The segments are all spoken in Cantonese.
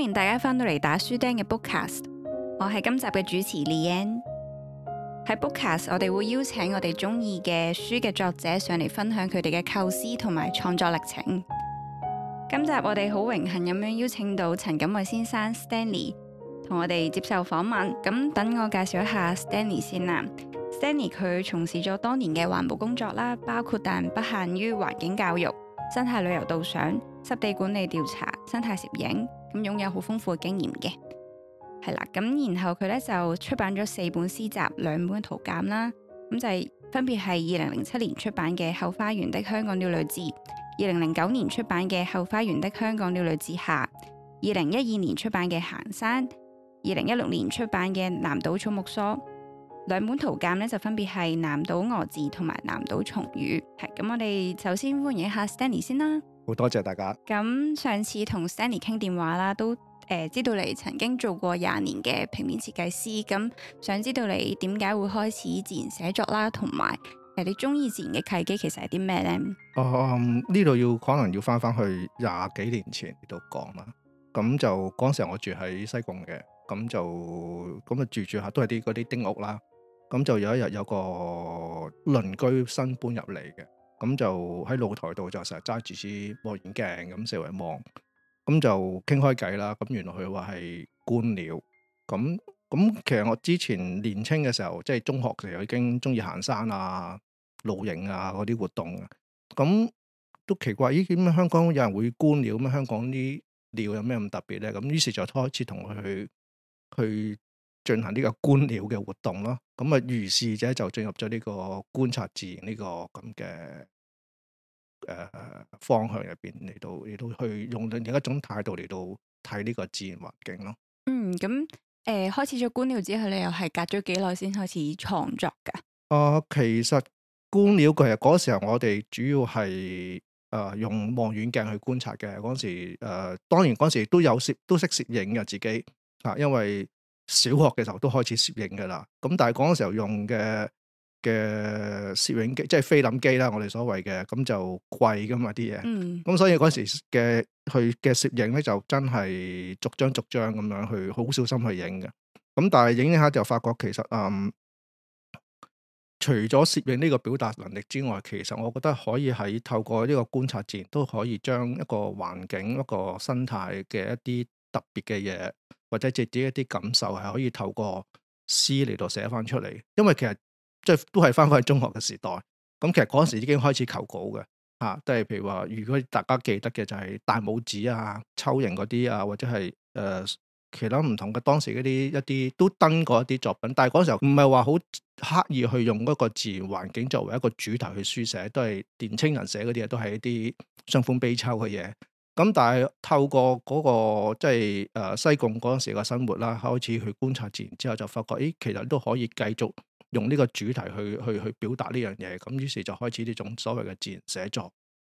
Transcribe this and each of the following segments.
歡迎大家翻到嚟打書釘嘅 Bookcast，我係今集嘅主持 Leanne。喺 Bookcast，我哋會邀請我哋中意嘅書嘅作者上嚟分享佢哋嘅構思同埋創作歷程。今集我哋好榮幸咁樣邀請到陳錦偉先生 Stanley 同我哋接受訪問。咁等我介紹一下 Stanley 先啦。Stanley 佢從事咗多年嘅環保工作啦，包括但不限於環境教育、生態旅遊導賞、濕地管理調查、生態攝影。咁擁有好豐富嘅經驗嘅，係啦，咁然後佢呢就出版咗四本詩集、兩本圖鑑啦，咁就係分別係二零零七年出版嘅《後花園的香港鳥類誌》，二零零九年出版嘅《後花園的香港鳥類誌下》，二零一二年出版嘅《行山》，二零一六年出版嘅《南島草木疏》。兩本圖鑑呢，就分別係《南島蛾字》同埋《南島松語》。係咁，我哋首先歡迎一下 Stanley 先啦。好多謝大家。咁上次同 Stanley 傾電話啦，都誒、呃、知道你曾經做過廿年嘅平面設計師。咁、嗯、想知道你點解會開始自然寫作啦，同埋誒你中意自然嘅契機其實係啲咩咧？誒呢度要可能要翻翻去廿幾年前度講啦。咁就嗰陣我住喺西貢嘅，咁就咁啊住住下都係啲嗰啲丁屋啦。咁就有一日有一個鄰居新搬入嚟嘅。咁就喺露台度就成日揸住支望遠鏡咁四圍望，咁就傾開偈啦。咁原來佢話係觀鳥，咁咁其實我之前年輕嘅時候，即係中學嘅時候已經鍾意行山啊、露營啊嗰啲活動。咁都奇怪，咦點解香港有人會觀鳥？咁香港啲鳥有咩咁特別咧？咁於是就開始同佢去去。去進行呢個觀鳥嘅活動咯，咁啊，如是者就進入咗呢個觀察自然呢個咁嘅誒方向入邊嚟到，亦都去用另一種態度嚟到睇呢個自然環境咯。嗯，咁誒、呃、開始咗觀鳥之後咧，你又係隔咗幾耐先開始創作噶？啊、呃，其實觀鳥其實嗰時候我哋主要係誒、呃、用望遠鏡去觀察嘅。嗰時誒、呃，當然嗰時都有攝都識攝影嘅自己啊、呃，因為。小學嘅時候都開始攝影噶啦，咁但係嗰陣時候用嘅嘅攝影機即係菲林機啦，我哋所謂嘅咁就貴噶嘛啲嘢，咁、嗯、所以嗰時嘅佢嘅攝影咧就真係逐張逐張咁樣去好小心去影嘅，咁但係影一下就發覺其實誒、嗯，除咗攝影呢個表達能力之外，其實我覺得可以喺透過呢個觀察自然都可以將一個環境一個生態嘅一啲特別嘅嘢。或者直接一啲感受係可以透過詩嚟度寫翻出嚟，因為其實即係都係翻返去中學嘅時代，咁其實嗰陣時已經開始求稿嘅嚇，都係譬如話，如果大家記得嘅就係、是、大拇指啊、秋螢嗰啲啊，或者係誒、呃、其他唔同嘅當時嗰啲一啲都登過一啲作品，但係嗰時候唔係話好刻意去用一個自然環境作為一個主題去書寫，都係年青人寫嗰啲都係一啲傷春悲秋嘅嘢。咁但係透過嗰、那個即係誒、呃、西貢嗰陣時嘅生活啦，開始去觀察自然之後，就發覺咦，其實都可以繼續用呢個主題去去去表達呢樣嘢。咁於是就開始呢種所謂嘅自然寫作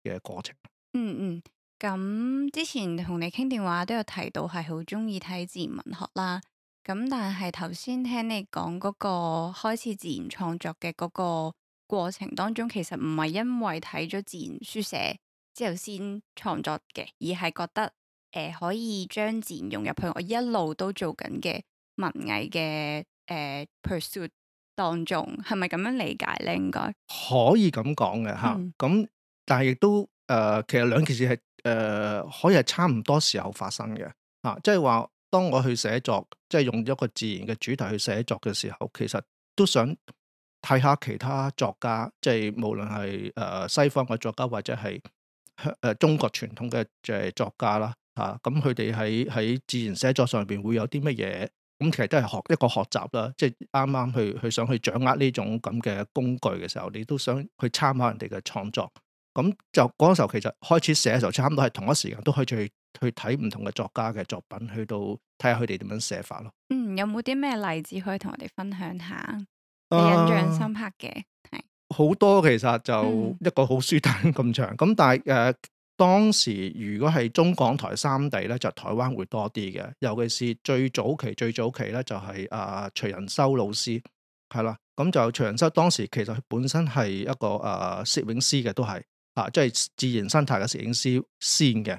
嘅過程。嗯嗯，咁、嗯嗯、之前同你傾電話都有提到係好中意睇自然文學啦。咁但係頭先聽你講嗰個開始自然創作嘅嗰個過程當中，其實唔係因為睇咗自然書寫。之後先創作嘅，而係覺得誒、呃、可以將自然融入去我一路都做緊嘅文藝嘅誒、呃、pursuit 當中，係咪咁樣理解咧？應該可以咁講嘅吓，咁、嗯啊、但係亦都誒、呃，其實兩件事係誒、呃、可以係差唔多時候發生嘅吓、啊，即係話當我去寫作，即係用一個自然嘅主題去寫作嘅時候，其實都想睇下其他作家，即係無論係誒西方嘅作家或者係。誒，中國傳統嘅即作家啦，吓，咁佢哋喺喺自然寫作上邊會有啲乜嘢？咁其實都係學一個學習啦，即係啱啱去去想去掌握呢種咁嘅工具嘅時候，你都想去參考人哋嘅創作。咁就嗰陣時候，其實開始寫嘅時候，差唔多係同一時間，都可以去去睇唔同嘅作家嘅作品，去到睇下佢哋點樣寫法咯。嗯，有冇啲咩例子可以同我哋分享下？你印象深刻嘅係？嗯好多其實就一個好書單咁長咁，但係誒、呃、當時如果係中港台三地咧，就台灣會多啲嘅。尤其是最早期、最早期咧、就是，就係啊徐仁修老師係啦。咁就徐仁修當時其實本身係一個啊攝影師嘅，都係啊即係、就是、自然生態嘅攝影師先嘅。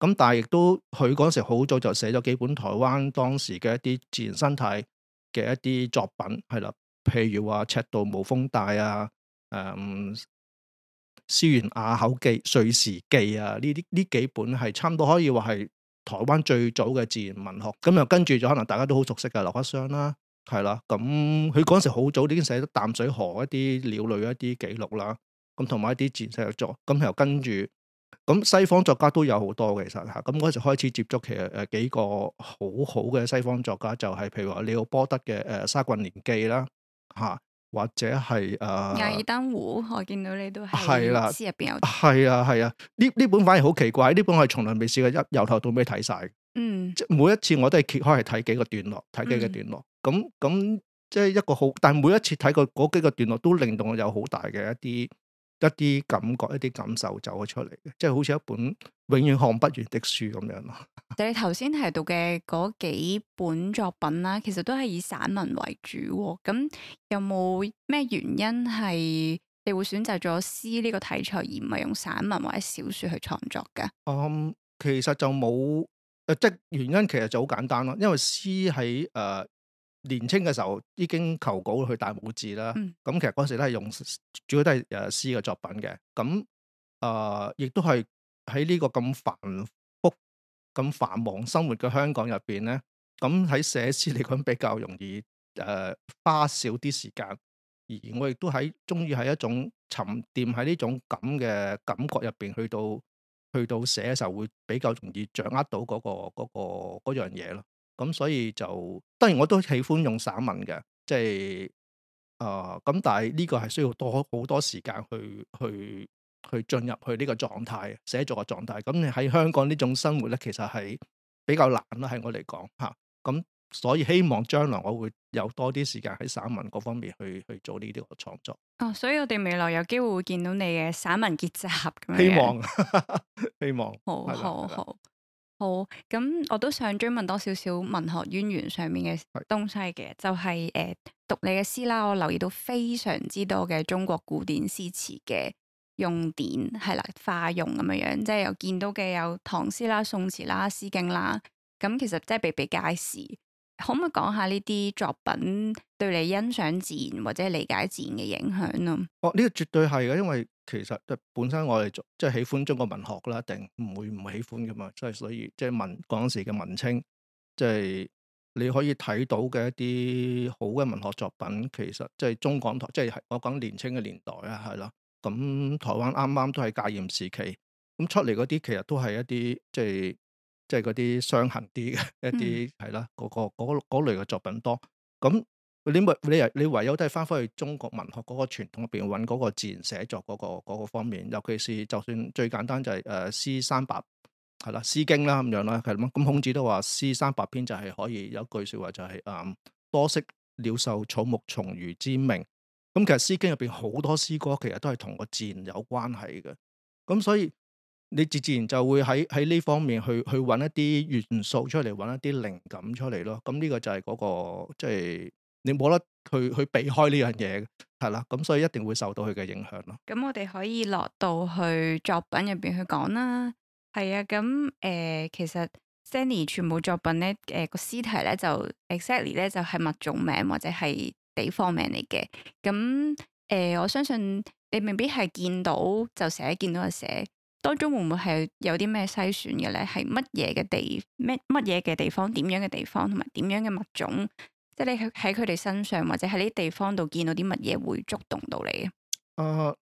咁但係亦都佢嗰時好早就寫咗幾本台灣當時嘅一啲自然生態嘅一啲作品係啦，譬如話赤道冇風帶啊。誒、嗯，思源埡口記、瑞士記啊，呢啲呢幾本係差唔多可以話係台灣最早嘅自然文學。咁又跟住咗，可能大家都好熟悉嘅劉克襄啦，係啦。咁佢嗰時好早已經寫咗淡水河一啲鳥類一啲記錄啦。咁同埋一啲自然寫作。咁又跟住，咁西方作家都有好多嘅，其實吓。咁嗰時開始接觸，其實誒幾個好好嘅西方作家，就係、是、譬如話李奧波德嘅《誒沙郡年記》啦，吓。或者係啊，瓦爾登湖，我見到你都係書入邊有，係啊係啊，呢呢、啊啊、本反而好奇怪，呢本我係從來未試過一由頭到尾睇晒。嗯，即每一次我都係揭開嚟睇幾個段落，睇幾個段落，咁咁即係一個好，但係每一次睇過嗰幾個段落都令到我有好大嘅一啲。一啲感覺，一啲感受走咗出嚟嘅，即係好似一本永遠看不完的書咁樣咯。 你頭先提到嘅嗰幾本作品啦，其實都係以散文為主，咁有冇咩原因係你會選擇咗詩呢個題材，而唔係用散文或者小說去創作嘅？嗯，其實就冇，誒，即係原因其實就好簡單咯，因為詩喺誒。呃年青嘅時候已經求稿去大拇指啦，咁、嗯、其實嗰時都係用主要都係誒詩嘅作品嘅，咁誒、呃、亦都係喺呢個咁繁複、咁繁忙生活嘅香港入邊咧，咁喺寫詩嚟講比較容易誒、呃、花少啲時間，而我亦都喺中意喺一種沉澱喺呢種咁嘅感覺入邊去到去到寫嘅時候會比較容易掌握到嗰個嗰個嗰個嗰樣嘢咯。咁所以就當然我都喜歡用散文嘅，即係啊，咁，但係呢個係需要多好多時間去去去進入去呢個狀態，寫作嘅狀態。咁喺香港呢種生活咧，其實係比較難啦，喺我嚟講嚇。咁、啊、所以希望將來我會有多啲時間喺散文嗰方面去去做呢啲嘅創作。哦，所以我哋未來有機會會見到你嘅散文結集，咁希望， 希望。好，好，好。好，咁我都想追問多少少文學淵源上面嘅東西嘅，是就係誒讀你嘅詩啦，我留意到非常之多嘅中國古典詩詞嘅用典係啦，化用咁樣樣，即係有見到嘅有唐詩啦、宋詞啦、詩經啦，咁其實即係比比皆是。可唔可以講下呢啲作品對你欣賞自然或者理解自然嘅影響呢？哦，呢、這個絕對係嘅，因為。其實即本身我哋即係喜歡中國文學啦，一定唔會唔喜歡㗎嘛。即係所以即係文嗰陣時嘅文青，即係你可以睇到嘅一啲好嘅文學作品，其實即係中港台，即係我講年輕嘅年代啊，係啦。咁台灣啱啱都係戒嚴時期，咁出嚟嗰啲其實都係一啲即係即係嗰啲傷痕啲嘅一啲係啦，嗰個嗰嗰，嗯，類嘅作品多咁。你你你唯有都係翻返去中國文學嗰個傳統入邊揾嗰個自然寫作嗰、那個那個方面，尤其是就算最簡單就係、是、誒《詩、呃、三百》，係啦，《詩、嗯、經》啦咁樣啦，係啦。咁孔子都話《詩三百篇》就係、是、可以有一句説話就係、是、誒、嗯、多識鳥獸草木蟲魚之名。咁、嗯、其實《詩經》入邊好多詩歌其實都係同個自然有關係嘅。咁、嗯、所以你自自然就會喺喺呢方面去去揾一啲元素出嚟，揾一啲靈感出嚟咯。咁、嗯、呢、這個就係嗰、那個、就是那個就是、即係。你冇得去去避開呢樣嘢，係啦，咁所以一定會受到佢嘅影響咯。咁我哋可以落到去作品入邊去講啦。係啊，咁誒、呃，其實 Stanley 全部作品咧，誒、呃那個詩題咧就 exactly 咧就係物種名或者係地方名嚟嘅。咁誒、呃，我相信你未必係見、見到就寫見到就寫，當中會唔會係有啲咩篩選嘅咧？係乜嘢嘅地咩乜嘢嘅地方？點樣嘅地方同埋點樣嘅物種？即係你喺佢哋身上，或者喺呢啲地方度見到啲乜嘢會觸動到你嘅？誒、呃，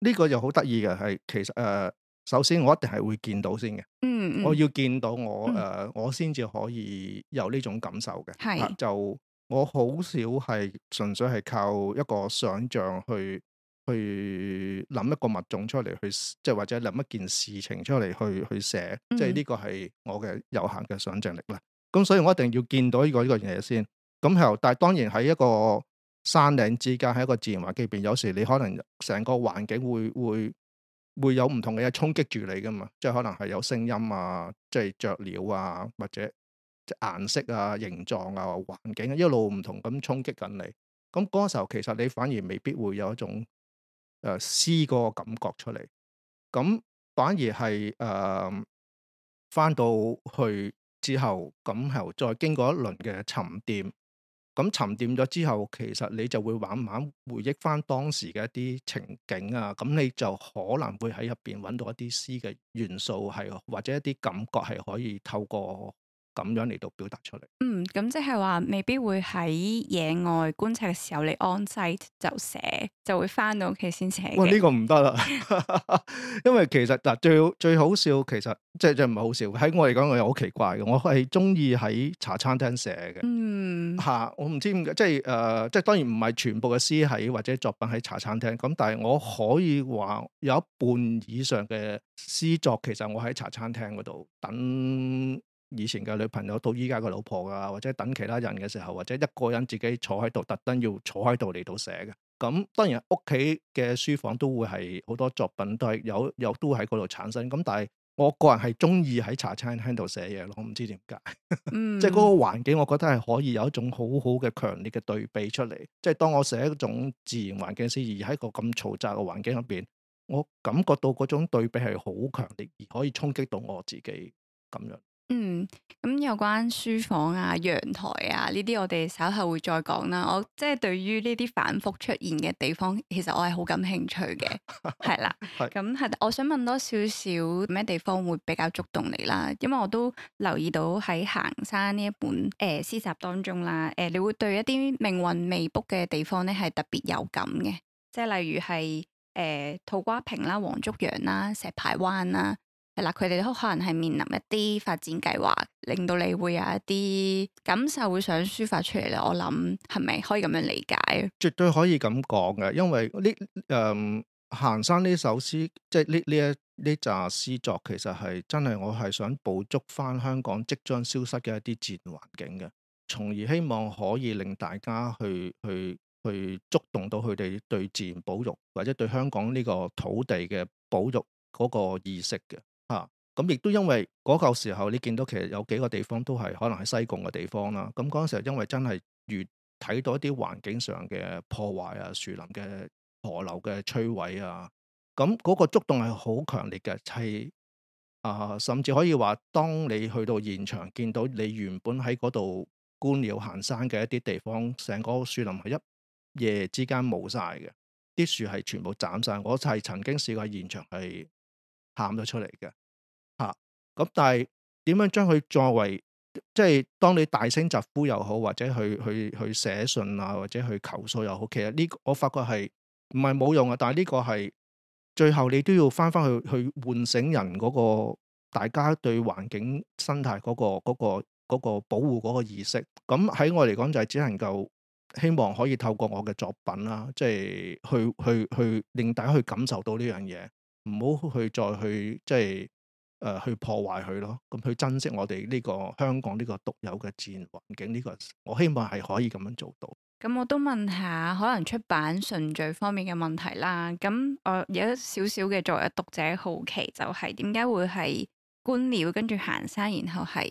呢、這個又好得意嘅係，其實誒、呃，首先我一定係會見到先嘅、嗯。嗯，我要見到我誒、嗯呃，我先至可以有呢種感受嘅。係是、啊，就我好少係純粹係靠一個想象去去諗一個物種出嚟去，即係或者諗一件事情出嚟去去寫。嗯、即係呢個係我嘅有限嘅想象力啦。咁、嗯、所以我一定要見到呢個呢個嘢先。咁後，但係當然喺一個山嶺之間，喺一個自然環境入面，有時你可能成個環境會會會有唔同嘅嘢衝擊住你噶嘛，即係可能係有聲音啊，即係雀鳥啊，或者顏色啊、形狀啊、環境啊，一路唔同咁衝擊緊你。咁嗰時候其實你反而未必會有一種誒詩個感覺出嚟，咁反而係誒翻到去之後，咁、呃、後再經過一輪嘅沉澱。咁沉澱咗之後，其實你就會慢慢回憶翻當時嘅一啲情景啊，咁你就可能會喺入邊揾到一啲詩嘅元素，係或者一啲感覺係可以透過，咁樣嚟到表達出嚟，嗯，咁即係話未必會喺野外觀察嘅時候，你 on site 就寫，就會翻到屋企先寫。哇！呢、這個唔得啦， 因為其實嗱最最好笑，其實即係即係唔係好笑，喺我嚟講我又好奇怪嘅，我係中意喺茶餐廳寫嘅。嗯，嚇、啊！我唔知點解，即係誒、呃，即係當然唔係全部嘅詩喺或者作品喺茶餐廳，咁但係我可以話有一半以上嘅詩作，其實我喺茶餐廳嗰度等。以前嘅女朋友到依家嘅老婆啊，或者等其他人嘅時候，或者一個人自己坐喺度，特登要坐喺度嚟到寫嘅。咁當然屋企嘅書房都會係好多作品都，都係有有都喺嗰度產生。咁但係我個人係中意喺茶餐廳度寫嘢咯，我唔知點解， 嗯、即係嗰個環境，我覺得係可以有一種好好嘅強烈嘅對比出嚟。即係當我寫一種自然環境先，而喺個咁嘈雜嘅環境入邊，我感覺到嗰種對比係好強烈，而可以衝擊到我自己咁樣。嗯，咁有關書房啊、陽台啊呢啲，我哋稍後會再講啦。我即係、就是、對於呢啲反覆出現嘅地方，其實我係好感興趣嘅，係 啦。咁係是，我想問多少少咩地方會比較觸動你啦？因為我都留意到喺行山呢一本誒詩、呃、集當中啦，誒、呃，你會對一啲命運未卜嘅地方咧，係特別有感嘅，即係例如係誒土瓜坪啦、黃竹洋啦、石排灣啦。係啦，佢哋都可能係面臨一啲發展計劃，令到你會有一啲感受，會想抒發出嚟咧。我諗係咪可以咁樣理解？絕對可以咁講嘅，因為呢誒，行山呢首詩，即係呢呢一呢紮詩作，其實係真係我係想捕捉翻香港即將消失嘅一啲自然環境嘅，從而希望可以令大家去去去觸動到佢哋對自然保育或者對香港呢個土地嘅保育嗰個意識嘅。咁亦都因為嗰舊時候，你見到其實有幾個地方都係可能喺西貢嘅地方啦。咁嗰陣時，因為真係越睇到一啲環境上嘅破壞啊、樹林嘅河流嘅摧毀啊，咁嗰個觸動係好強烈嘅，係啊、呃，甚至可以話，當你去到現場見到你原本喺嗰度觀鳥行山嘅一啲地方，成個樹林係一夜之間冇晒嘅，啲樹係全部斬曬。我係曾經試過喺現場係喊咗出嚟嘅。咁但係點樣將佢作為，即係當你大聲疾呼又好，或者去去去寫信啊，或者去求訴又好，其實呢，我發覺係唔係冇用啊。但係呢個係最後你都要翻翻去去喚醒人嗰個，大家對環境生態嗰個嗰個嗰個保護嗰個意識。咁喺我嚟講就係只能夠希望可以透過我嘅作品啦，即係去去去令大家去感受到呢樣嘢，唔好去再去即係。誒去破壞佢咯，咁去珍惜我哋呢個香港呢個獨有嘅自然環境呢、這個，我希望係可以咁樣做到。咁、嗯、我都問下，可能出版順序方面嘅問題啦。咁我有少少嘅作為讀者好奇、就是，就係點解會係觀鳥跟住行山，然後係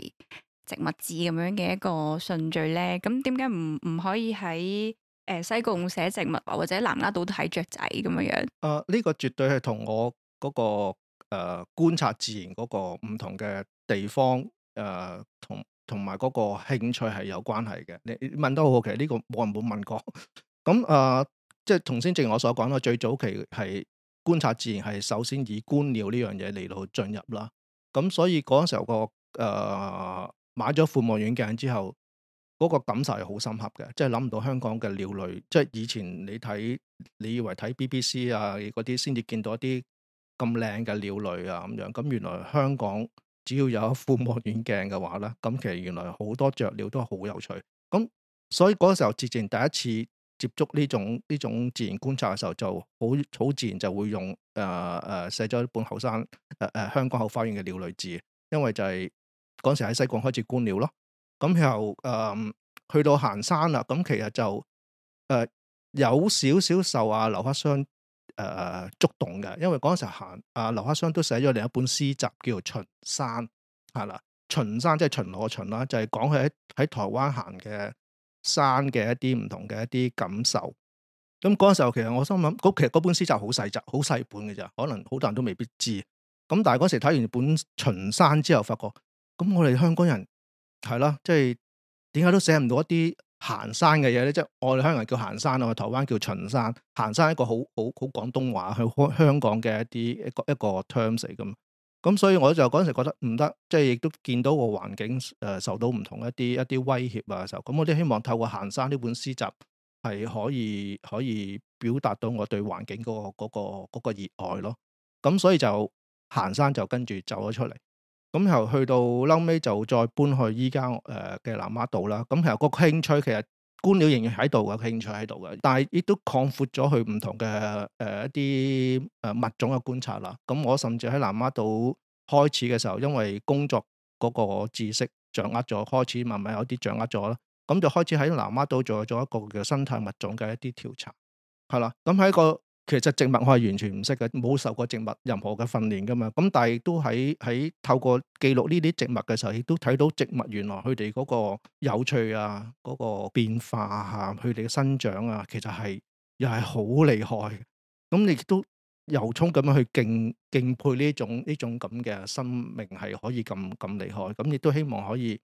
植物志咁樣嘅一個順序咧？咁點解唔唔可以喺誒、呃、西貢寫植物，或者南丫島睇雀仔咁樣樣？誒呢、呃這個絕對係同我嗰、那個。誒、呃、觀察自然嗰個唔同嘅地方，誒同同埋嗰個興趣係有關係嘅。你問得好好奇，呢、這個冇人冇問過。咁 誒、嗯呃，即係同先正如我所講啦，最早期係觀察自然係首先以觀鳥呢樣嘢嚟到進入啦。咁、嗯、所以嗰陣時候個誒、呃、買咗副望遠鏡之後，嗰、那個感受係好深刻嘅，即係諗唔到香港嘅鳥類，即係以前你睇你以為睇 BBC 啊嗰啲先至見到一啲。咁靚嘅鳥類啊，咁樣咁原來香港只要有一副望遠鏡嘅話咧，咁其實原來好多雀鳥都係好有趣。咁所以嗰個時候之前第一次接觸呢種呢種自然觀察嘅時候，就好好自然就會用誒誒寫咗一本後生誒誒香港後花園嘅鳥類誌，因為就係嗰陣時喺西貢開始觀鳥咯。咁又誒去到行山啦，咁其實就誒有少少受啊劉克莊。誒、呃、觸動嘅，因為嗰陣時行啊、呃、劉克襄都寫咗另一本詩集叫做《巡山》，係啦，《巡山》即係巡邏嘅巡啦，就係講佢喺喺台灣行嘅山嘅一啲唔同嘅一啲感受。咁嗰陣時候其實我心諗，其實嗰本詩集好細集，好細本嘅咋，可能好多人都未必知。咁但係嗰時睇完本《巡山》之後，發覺咁我哋香港人係啦，即係點解都寫唔到一啲行山嘅嘢咧，即係我哋香港人叫行山，我哋台灣叫巡山。行山係一個好好好廣東話，去香港嘅一啲一個一個 terms 嚟咁。咁所以我就嗰陣時覺得唔得，即係亦都見到個環境誒受到唔同一啲一啲威脅啊時候。咁，我哋希望透過行山呢本詩集係可以可以表達到我對環境嗰個嗰個嗰個熱愛咯。咁所以就行山就跟住走咗出嚟。咁後去到嬲尾就再搬去依家誒嘅南丫島啦。咁其實個興趣其實觀鳥仍然喺度嘅，興趣喺度嘅，但係亦都擴闊咗去唔同嘅誒一啲誒物種嘅觀察啦。咁我甚至喺南丫島開始嘅時候，因為工作嗰個知識掌握咗，開始慢慢有啲掌握咗啦。咁就開始喺南丫島做咗一個叫生態物種嘅一啲調查，係啦。咁喺個。其實植物我係完全唔識嘅，冇受過植物任何嘅訓練噶嘛。咁但係都喺喺透過記錄呢啲植物嘅時候，亦都睇到植物原來佢哋嗰個有趣啊，嗰個變化啊，佢哋嘅生長啊，其實係又係好厲害。咁你亦都由衷咁樣去敬敬佩呢種呢種咁嘅生命係可以咁咁厲害。咁亦都希望可以。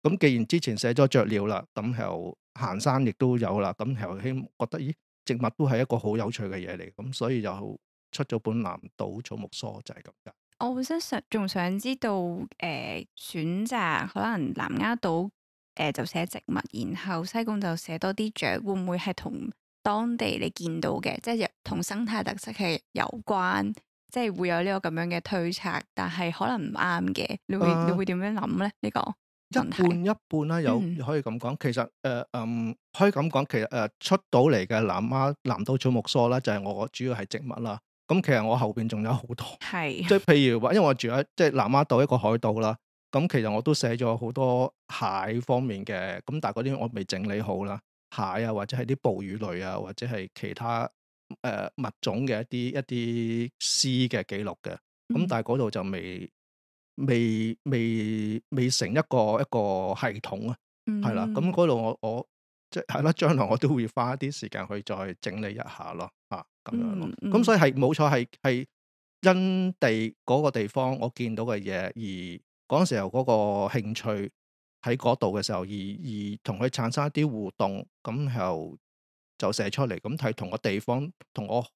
咁既然之前寫咗雀鳥啦，咁又行山亦都有啦，咁又希覺得咦？植物都係一個好有趣嘅嘢嚟，咁所以就出咗本《南島草木疏》就係咁噶。我本身想仲想知道，誒、呃、選擇可能南丫島誒就寫植物，然後西貢就寫多啲雀，會唔會係同當地你見到嘅，即係同生態特色係有關？即係會有呢個咁樣嘅推測，但係可能唔啱嘅，你會你會點樣諗咧？呢個？一半一半啦，又、嗯、可以咁講。其實誒，嗯，可以咁講。其實誒，出到嚟嘅南丫南島草木疏啦，就係我主要係植物啦。咁其實我後邊仲有好多，是即係譬如話，因為我住喺即係南丫島一個海島啦。咁其實我都寫咗好多蟹方面嘅，咁但係嗰啲我未整理好啦。蟹啊，或者係啲哺乳類啊，或者係其他誒物種嘅一啲一啲詩嘅記錄嘅。咁、嗯、但係嗰度就未。未未未成一個一個系統啊，係啦、mm，咁嗰度我我即係啦，將來我都會花一啲時間去再整理一下咯，啊，咁樣咯，咁、hmm。所以係冇錯，係係因地嗰個地方我見到嘅嘢而嗰陣時候嗰個興趣喺嗰度嘅時候而而同佢產生一啲互動，咁又就寫出嚟，咁睇同個地方同我。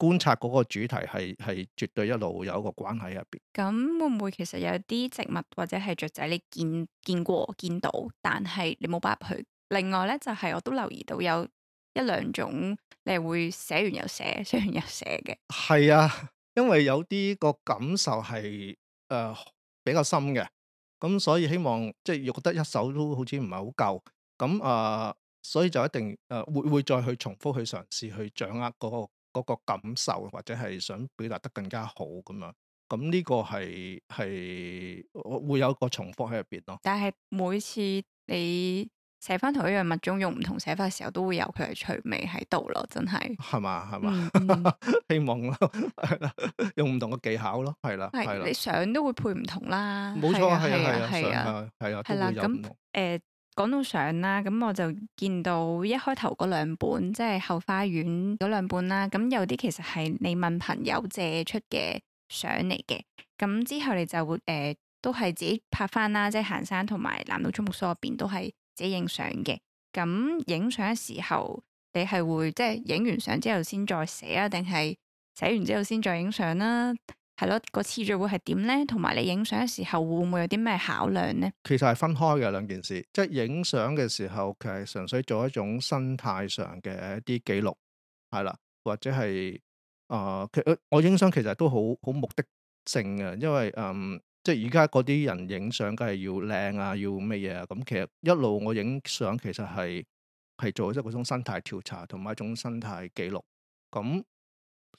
觀察嗰個主題係係絕對一路有一個關係入邊。咁會唔會其實有啲植物或者係雀仔你見見過見到，但係你冇擺入去。另外咧就係、是、我都留意到有一兩種你係會寫完又寫，寫完又寫嘅。係啊，因為有啲個感受係誒、呃、比較深嘅，咁所以希望即係覺得一首都好似唔係好夠，咁啊、呃、所以就一定誒、呃、會會再去重複去嘗試去掌握嗰、那個。嗰個感受或者係想表達得更加好咁樣，咁呢個係係會有一個重複喺入邊咯。但係每次你寫翻同一樣物種用唔同寫法嘅時候，都會有佢嘅趣味喺度咯，真係。係嘛係嘛，嗯、 希望咯，係啦， 用唔同嘅技巧咯，係啦係是啦你想都會配唔同啦。冇錯，係啊係啊，係啊係啊，咁誒、啊。講到相啦，咁我就見到一開頭嗰兩本，即係後花園嗰兩本啦，咁有啲其實係你問朋友借出嘅相嚟嘅，咁之後你就會誒、呃，都係自己拍返啦，即係行山同埋南島草木疏入邊都係自己影相嘅。咁影相嘅時候，你係會即係影完相之後先再寫啊，定係寫完之後先再影相啦？係咯，個次序會係點咧？同埋你影相嘅時候會唔會有啲咩考量咧？其實係分開嘅兩件事，即係影相嘅時候，其實純粹做一種生態上嘅一啲記錄，係啦，或者係啊、呃，其我影相其實都好好目的性嘅，因為嗯，即係而家嗰啲人影相梗係要靚啊，要咩嘢啊，咁、嗯、其實一路我影相其實係係做一種生態調查同埋一種生態記錄咁。嗯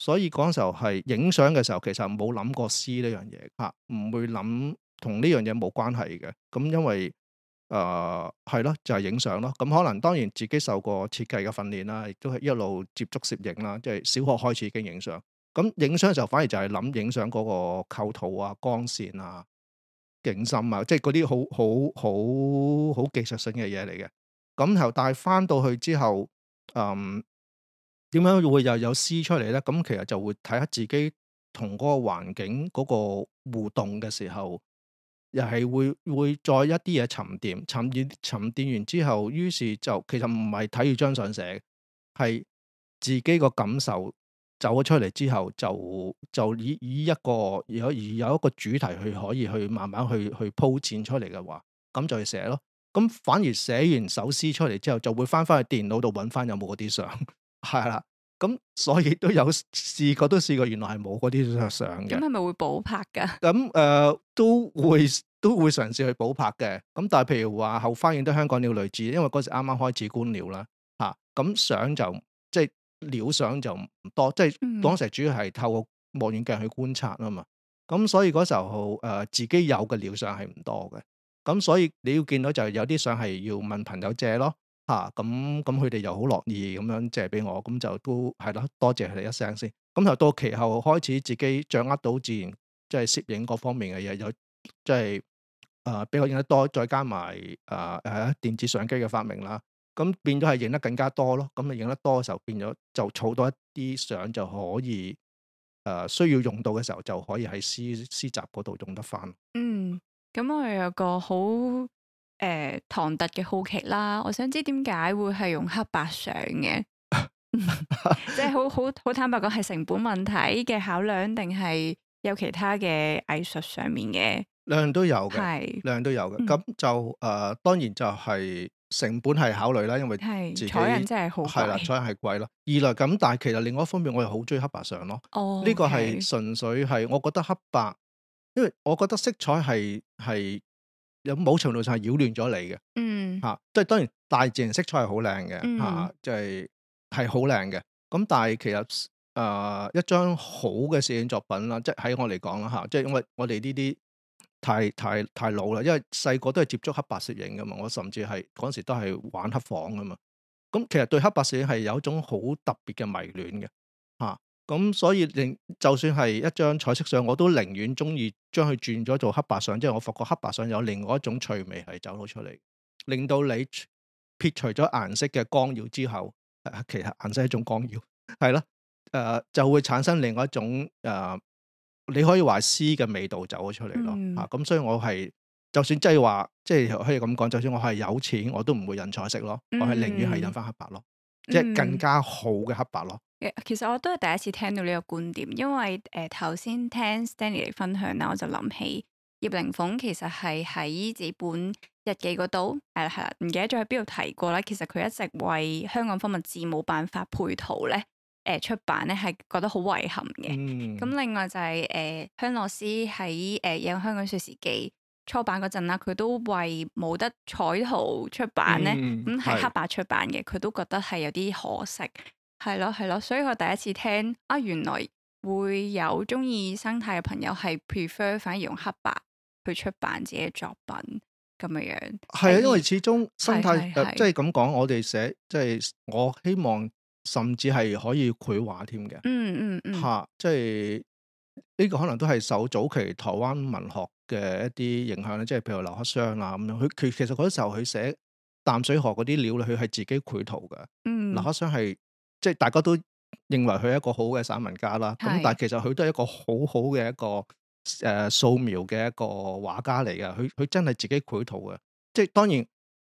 所以嗰時候係影相嘅時候，其實冇諗過詩呢樣嘢，嚇唔會諗同呢樣嘢冇關係嘅。咁因為誒係咯，就係影相咯。咁、嗯、可能當然自己受過設計嘅訓練啦，亦都係一路接觸攝影啦，即係小學開始已經影相。咁影相嘅時候反而就係諗影相嗰個構圖啊、光線啊、景深啊，即係嗰啲好好好好技術性嘅嘢嚟嘅。咁然後但係翻到去之後，嗯。點樣會又有詩出嚟呢？咁其實就會睇下自己同嗰個環境嗰個互動嘅時候，又係會會再一啲嘢沉澱、沉澱、沉澱完之後，於是就其實唔係睇住張相寫，係自己個感受走咗出嚟之後，就就以以一個有而有一個主題去可以去慢慢去去鋪展出嚟嘅話，咁就去寫咯。咁反而寫完首詩出嚟之後，就會翻翻去電腦度揾翻有冇嗰啲相。係啦，咁所以都有試過，都試過，原來係冇嗰啲相嘅。咁係咪會補拍㗎？咁誒、嗯呃，都會都會嘗試去補拍嘅。咁但係譬如話後花園都香港鳥類誌，因為嗰時啱啱開始觀鳥啦，吓、啊、咁相就即係鳥相就唔多，即係當時主要係透過望遠鏡去觀察啊嘛。咁、嗯、所以嗰時候誒、呃、自己有嘅鳥相係唔多嘅。咁所以你要見到就有啲相係要問朋友借咯。啊，咁咁佢哋又好樂意咁樣借俾我，咁就都係咯，多謝佢哋一聲先。咁就到期後開始自己掌握到自然，即係攝影嗰方面嘅嘢，又即係誒比我影得多，再加埋誒誒電子相機嘅發明啦，咁變咗係影得更加多咯。咁你影得多嘅時候，變咗就儲多一啲相就可以誒、呃、需要用到嘅時候，就可以喺詩詩集嗰度用得翻。嗯，咁我有個好。誒、呃，唐突嘅好奇啦，我想知點解會係用黑白相嘅？即係好好好坦白講係成本問題嘅考量，定係有其他嘅藝術上面嘅，兩樣都有嘅，兩是樣都有嘅。咁、嗯、就誒、呃，當然就係成本係考慮啦，因為自己彩印真係好貴。係啦，彩印係貴咯。二來咁，但係其實另外一方面我又好中意黑白相咯。哦，呢個係純粹係我覺得黑白，因為我覺得色彩係係。有某程度上係擾亂咗你嘅，吓、嗯，即係、啊、當然大自然色彩係好靚嘅，吓、嗯，即係係好靚嘅。咁、就是、但係其實誒、呃、一張好嘅攝影作品啦，即係喺我嚟講啦，吓、啊，即係因為我哋呢啲太太太老啦，因為細個都係接觸黑白攝影噶嘛，我甚至係嗰時都係玩黑房噶嘛，咁、啊嗯、其實對黑白攝影係有一種好特別嘅迷戀嘅。咁所以令就算係一張彩色相，我都寧願鍾意將佢轉咗做黑白相，即係我發覺黑白相有另外一種趣味係走咗出嚟，令到你撇除咗顏色嘅干擾之後，呃、其實顏色係一種干擾，係咯，誒、呃、就會產生另外一種誒、呃，你可以話詩嘅味道走咗出嚟咯。嗯、啊，咁所以我係就算即係話即係可以咁講，就算我係有錢，我都唔會印彩色咯，嗯、我係寧願係印翻黑白咯。即係更加好嘅黑白咯、嗯。其實我都係第一次聽到呢個觀點，因為誒頭先聽 Stanley 分享啦，我就諗起葉靈鳳其實係喺自己本日記嗰度誒係啦，唔記得咗喺邊度提過啦。其實佢一直為香港方物志冇辦法配圖咧，誒、呃、出版咧係覺得好遺憾嘅。咁、嗯、另外就係誒香樂思喺誒《呃呃、野外香港歲時記》。初版嗰陣啦，佢都為冇得彩圖出版咧，咁係、嗯嗯、黑白出版嘅，佢都覺得係有啲可惜，係咯係咯。所以我第一次聽啊，原來會有中意生態嘅朋友係 prefer 反而用黑白去出版自己嘅作品咁嘅樣。係啊，因為始終生態即係咁講，我哋寫即係、就是、我希望，甚至係可以繪畫添嘅。嗯嗯嗯。吓，即係呢個可能都係受早期台灣文學嘅一啲影響咧，即係譬如劉克襄啦咁樣，佢其其實嗰時候佢寫淡水河嗰啲料咧，佢係自己繪圖嘅。嗯，劉克襄係即係大家都認為佢係一個好嘅散文家啦。咁的但係其實佢都係一個好好嘅一個誒、呃、素描嘅一個畫家嚟嘅。佢佢真係自己繪圖嘅。即係當然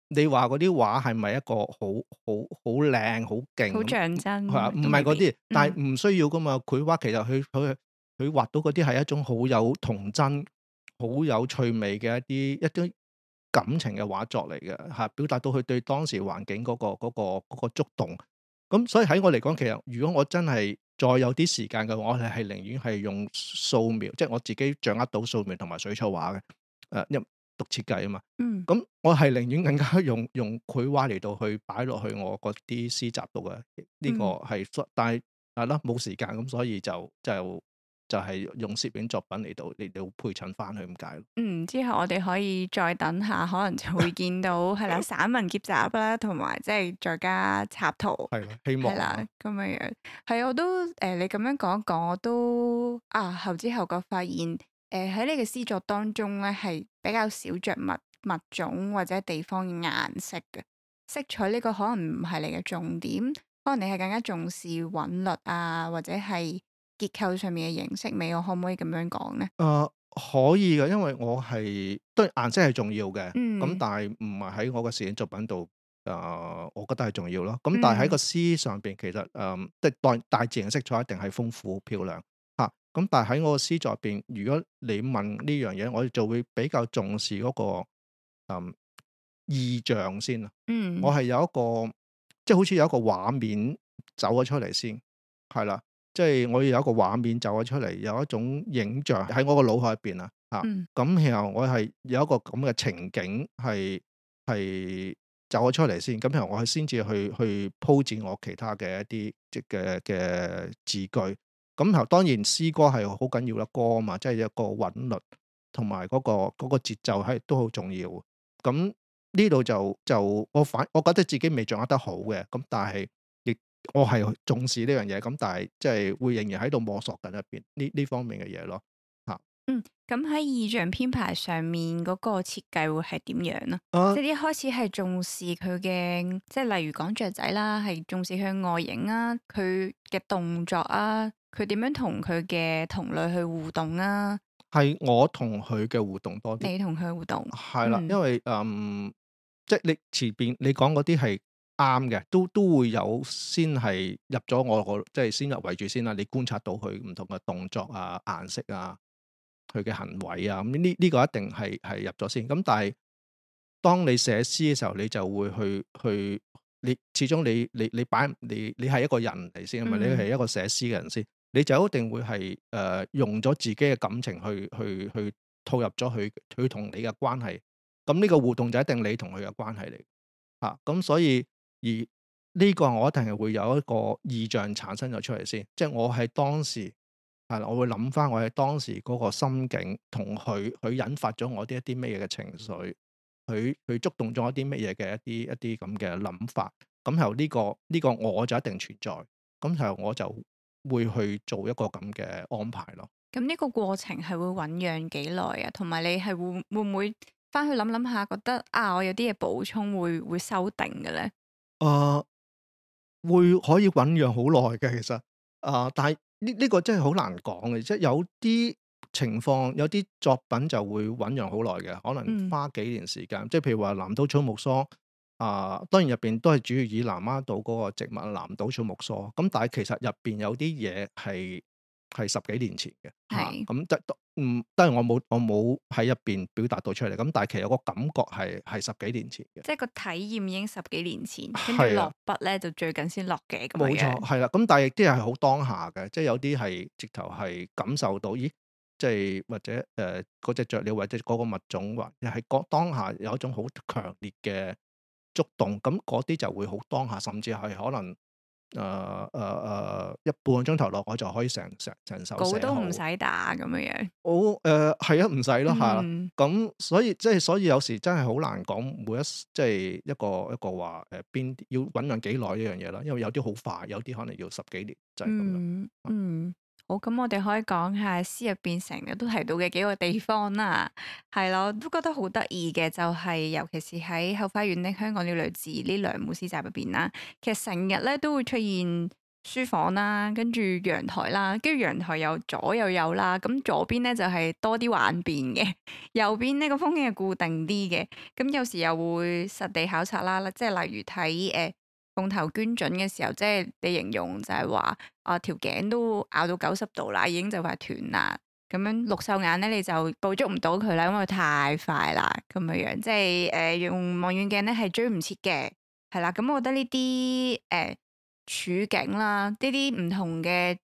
你話嗰啲畫係咪一個好好好靚好勁？好像真係啊！唔係嗰啲，但係唔需要噶嘛。繪畫、嗯、其實佢佢佢畫到嗰啲係一種好有童真。好有趣味嘅一啲一啲感情嘅畫作嚟嘅，吓、啊、表達到佢對當時環境嗰、嗰個嗰、嗰個、嗰個觸動。咁所以喺我嚟講，其實如果我真係再有啲時間嘅話，我哋係寧願係用素描，即、就、係、是、我自己掌握到素描同埋水彩畫嘅。誒、啊，因為讀設計啊嘛。嗯。咁我係寧願更加用用繪畫嚟到去擺落去我嗰啲詩集度嘅。呢、這個係，嗯、但係係咯冇時間，咁所以就就。就係用攝影作品嚟到嚟到配襯翻去。咁解咯。嗯，之後我哋可以再等下，可能就會見到係啦， 散文結集啦，同埋即係再加插圖。係希望啦、啊、咁樣樣。係，我都誒、呃、你咁樣講一講，我都啊後知後覺發現誒喺、呃、你嘅詩作當中咧，係比較少着物物種或者地方嘅顏色嘅色彩。呢個可能唔係你嘅重點，可能你係更加重視韻律啊，或者係。結構上面嘅形式美，我可唔可以咁樣講咧？誒、呃，可以嘅，因為我係對顏色係重要嘅，咁、嗯、但係唔係喺我嘅攝影作品度誒、呃，我覺得係重要咯。咁但係喺個詩，詩上邊，其實誒，即、呃、係大自然色彩一定係豐富漂亮吓。咁、啊、但係喺我個詩作入邊，如果你問呢樣嘢，我就會比較重視嗰、那個誒、呃、意象先啊。嗯，我係有一個，即係好似有一個畫面走咗出嚟先，係啦。即係我要有一個畫面走咗出嚟，有一種影像喺我個腦海入邊啊！嚇咁、嗯、然後我係有一個咁嘅情景係係走咗出嚟先，咁然後我先至去去鋪展我其他嘅一啲即嘅嘅字句。咁然後當然詩歌係好緊要啦，歌啊嘛，即係一個韻律同埋嗰個嗰個節奏係都好重要。咁呢度就就我反，我覺得自己未掌握得好嘅。咁但係。我係重視呢樣嘢，咁但係即係會仍然喺度摸索緊入邊呢呢方面嘅嘢咯，吓，嗯，咁喺意象編排上面嗰、個設計會係點樣呢？啊、即係一開始係重視佢嘅，即係例如講雀仔啦，係重視佢外形啊，佢嘅動作啊，佢點樣同佢嘅同類去互動啊？係我同佢嘅互動多啲，你同佢互動係啦，嗯、因為嗯，即係你前邊你講嗰啲係。啱嘅，都都會有先係入咗我個，即係先入為主先啦、啊。你觀察到佢唔同嘅動作啊、顏色啊、佢嘅行為啊，咁呢呢個一定係係入咗先。咁但係當你寫詩嘅時候，你就會去去，你始終你你你擺你你係一個人嚟先，啊嘛，你係一個寫詩嘅人先，嗯、你就一定會係誒、呃、用咗自己嘅感情去去去套入咗佢佢同你嘅關係，咁呢個互動就一定你同佢嘅關係嚟啊。咁所以。而呢個我一定係會有一個意象產生咗出嚟先，即係我係當時係啦，我會諗翻我係當時嗰個心境，同佢佢引發咗我啲一啲咩嘢嘅情緒，佢佢觸動咗一啲咩嘢嘅一啲一啲咁嘅諗法，咁由呢個呢、呢個我就一定存在，咁就我就會去做一個咁嘅安排咯。咁呢個過程係會醖釀幾耐啊？同埋你係會會唔會翻去諗諗下，覺得啊，我有啲嘢補充會，會會修訂嘅咧？啊、呃，會可以醞釀好耐嘅。其實啊，但係呢呢個真係好難講嘅，即係有啲情況，有啲作品就會醞釀好耐嘅，可能花幾年時間，嗯、即係譬如話南島草木疏啊、呃，當然入邊都係主要以南丫島嗰個植物南島草木疏咁，但係其實入邊有啲嘢係係十幾年前嘅，係是，咁即係。嗯，當然我冇我冇喺入邊表達到出嚟，咁但係其實有個感覺係係十幾年前嘅，即係個體驗已經十幾年前，跟住落筆咧就最近先落嘅。咁冇錯，係啦，咁但係亦啲係好當下嘅，即係有啲係直頭係感受到，咦，即係或者誒嗰隻雀鳥或者嗰個物種或者，係嗰當下有一種好強烈嘅觸動，咁嗰啲就會好當下，甚至係可能。誒誒誒，一半個鐘頭落我就可以成成成手都唔使打咁嘅嘢我誒係啊，唔使咯吓。咁、嗯、所以即係，所以有時真係好難講每一即係一個一個話誒邊、呃、要醞釀幾耐呢樣嘢啦。因為有啲好快，有啲可能要十幾年，就係、是、咁樣。嗯嗯。好，咁我哋可以講下詩入邊成日都提到嘅幾個地方啦，係咯，都覺得好得意嘅，就係尤其是喺後花園呢香港鳥類誌呢兩母詩集入邊啦，其實成日咧都會出現書房啦，跟住陽台啦，跟住陽台又左右右啦，咁左邊咧就係多啲玩變嘅，右邊呢個風景係固定啲嘅，咁有時又會實地考察啦，即係例如睇誒。呃用頭鵑隼嘅時候，即係你形容就係話，啊，條頸都咬到九十度啦，已經就快斷啦。咁樣綠繡眼咧，你就捕捉唔到佢啦，因為太快啦咁嘅樣，即係誒、呃、用望遠鏡咧係追唔切嘅，係啦。咁我覺得呢啲誒處境啦，呢啲唔同嘅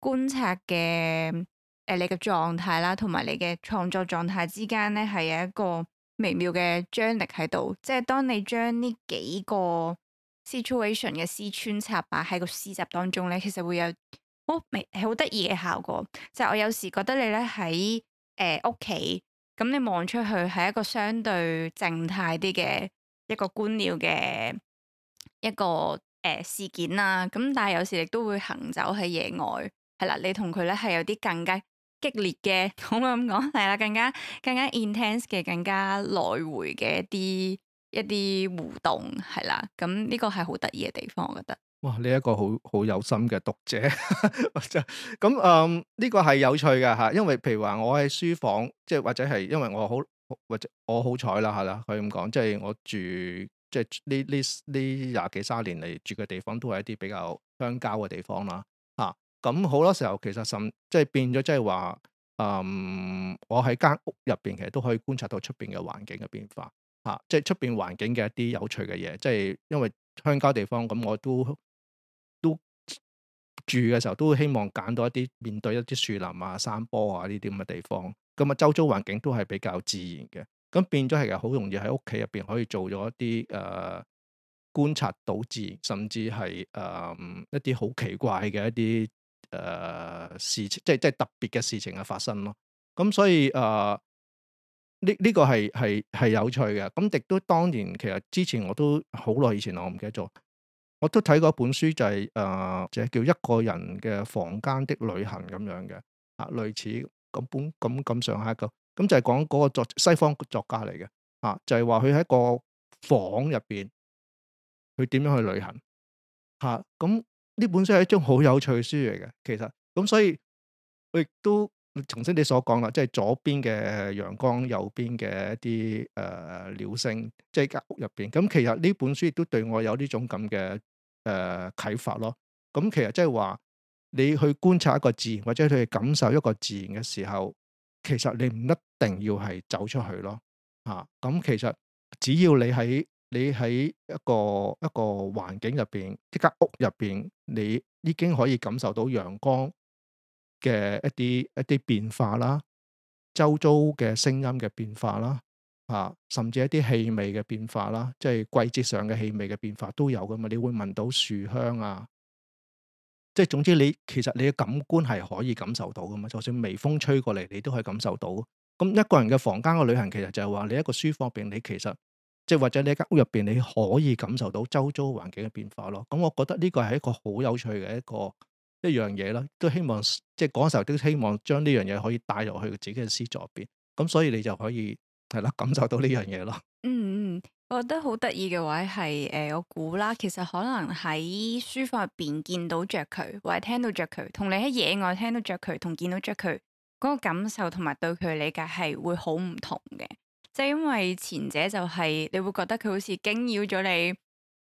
觀察嘅誒、呃、你嘅狀態啦，同埋你嘅創作狀態之間咧，係有一個微妙嘅張力喺度，即係當你將呢幾個。situation 嘅詩穿插啊，喺個詩集當中咧，其實會有、哦、好未好得意嘅效果。就係、是、我有時覺得你咧喺誒屋企，咁、呃、你望出去係一個相對靜態啲嘅一個觀鳥嘅一個誒、呃、事件啊。咁但係有時亦都會行走喺野外，係啦。你同佢咧係有啲更加激烈嘅，可唔可以咁講？係啦，更加更加 intense 嘅，更加來回嘅一啲。一啲互動係啦，咁呢、這個係好得意嘅地方，我覺得。哇，你一個好好有心嘅讀者，咁誒呢個係有趣嘅吓，因為譬如話我喺書房，即係或者係因為我好或者我，我好彩啦吓啦，可以咁講，即、就、係、是、我住即係呢呢呢廿幾卅年嚟住嘅地方都係一啲比較鄉郊嘅地方啦，吓咁好多時候其實甚即係、就是、變咗即係話，嗯，我喺間屋入邊其實都可以觀察到出邊嘅環境嘅變化。啊！即係出邊環境嘅一啲有趣嘅嘢，即係因為鄉郊地方咁，我都都住嘅時候都希望揀到一啲面對一啲樹林啊、山坡啊呢啲咁嘅地方，咁、嗯、啊周遭環境都係比較自然嘅，咁變咗係好容易喺屋企入邊可以做咗一啲誒、呃、觀察到自然，甚至係誒、呃、一啲好奇怪嘅一啲誒、呃、事情，即係即係特別嘅事情嘅發生咯。咁、嗯、所以誒。呃呢呢個係係係有趣嘅，咁亦都當年其實之前我都好耐以前我唔記得咗，我都睇過一本書就係誒就係叫一個人嘅房間的旅行咁樣嘅，啊，類似咁本咁咁上下嘅，咁就係講嗰個作西方作家嚟嘅，啊，就係話佢喺一個房入邊，佢點樣去旅行。嚇，咁呢本書係一張好有趣嘅書嚟嘅，其實咁所以佢亦都。重新你所講啦，即係左邊嘅陽光，右邊嘅一啲誒鳥聲，即係間屋入邊。咁其實呢本書亦都對我有呢種咁嘅誒啟發咯。咁其實即係話你去觀察一個自然，或者去感受一個自然嘅時候，其實你唔一定要係走出去咯。啊，咁其實只要你喺你喺一個一個環境入邊，一間屋入邊，你已經可以感受到陽光。嘅一啲一啲變化啦，周遭嘅聲音嘅變化啦，啊，甚至一啲氣味嘅變化啦，即係季節上嘅氣味嘅變化都有㗎嘛？你會聞到樹香啊，即係總之你其實你嘅感官係可以感受到㗎嘛？就算微風吹過嚟，你都可以感受到。咁一個人嘅房間嘅旅行其實就係話你一個書房入邊，你其實即係或者你間屋入邊你可以感受到周遭環境嘅變化咯。咁我覺得呢個係一個好有趣嘅一個。一樣嘢啦，都希望即係嗰時候都希望將呢樣嘢可以帶入去自己嘅詩作入邊，咁所以你就可以係啦感受到呢樣嘢咯。嗯嗯，我覺得好得意嘅話係誒，我估啦，其實可能喺書房入邊見到着佢，或者聽到着佢，同你喺野外聽到着佢同見到着佢嗰個感受同埋對佢理解係會好唔同嘅，即係因為前者就係你會覺得佢好似驚擾咗你。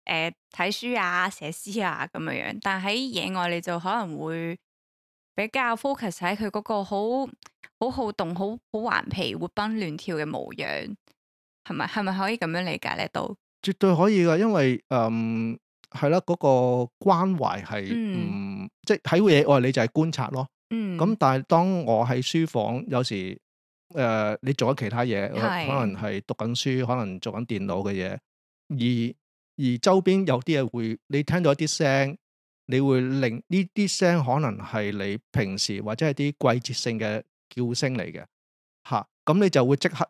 誒，睇、呃、書啊，寫詩啊，咁樣樣。但喺野外，你就可能會比較 focus 喺佢嗰個好好好動、好好頑皮、活蹦亂跳嘅模樣，係咪？係咪可以咁樣理解咧？到？絕對可以噶，因為嗯，係啦，嗰、那個關懷係唔、嗯嗯嗯、即係喺野外，你就係觀察咯。嗯，咁但係當我喺書房，有時誒、呃，你做緊其他嘢，可能係讀緊書，可能做緊電腦嘅嘢，而而周邊有啲嘢會，你聽到一啲聲，你會令呢啲聲可能係你平時或者係啲季節性嘅叫聲嚟嘅，嚇、啊、咁你就會即刻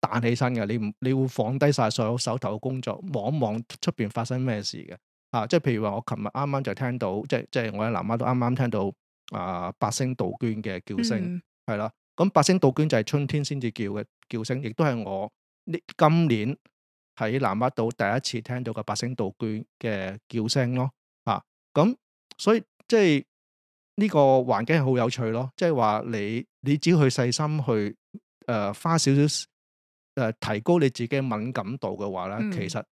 彈起身嘅，你唔你會放低晒所有手頭嘅工作，望一望出邊發生咩事嘅，啊，即係譬如話我琴日啱啱就聽到，即係即係我喺南丫都啱啱聽到啊、呃、八聲杜鵑嘅叫聲，係啦、嗯，咁八聲杜鵑就係春天先至叫嘅叫聲，亦都係我呢今年。喺南丫島第一次聽到個八聲杜鵑嘅叫聲咯，啊咁，所以即係呢、這個環境係好有趣咯，即係話你你只要去細心去誒、呃、花少少誒提高你自己敏感度嘅話咧，嗯、其實、這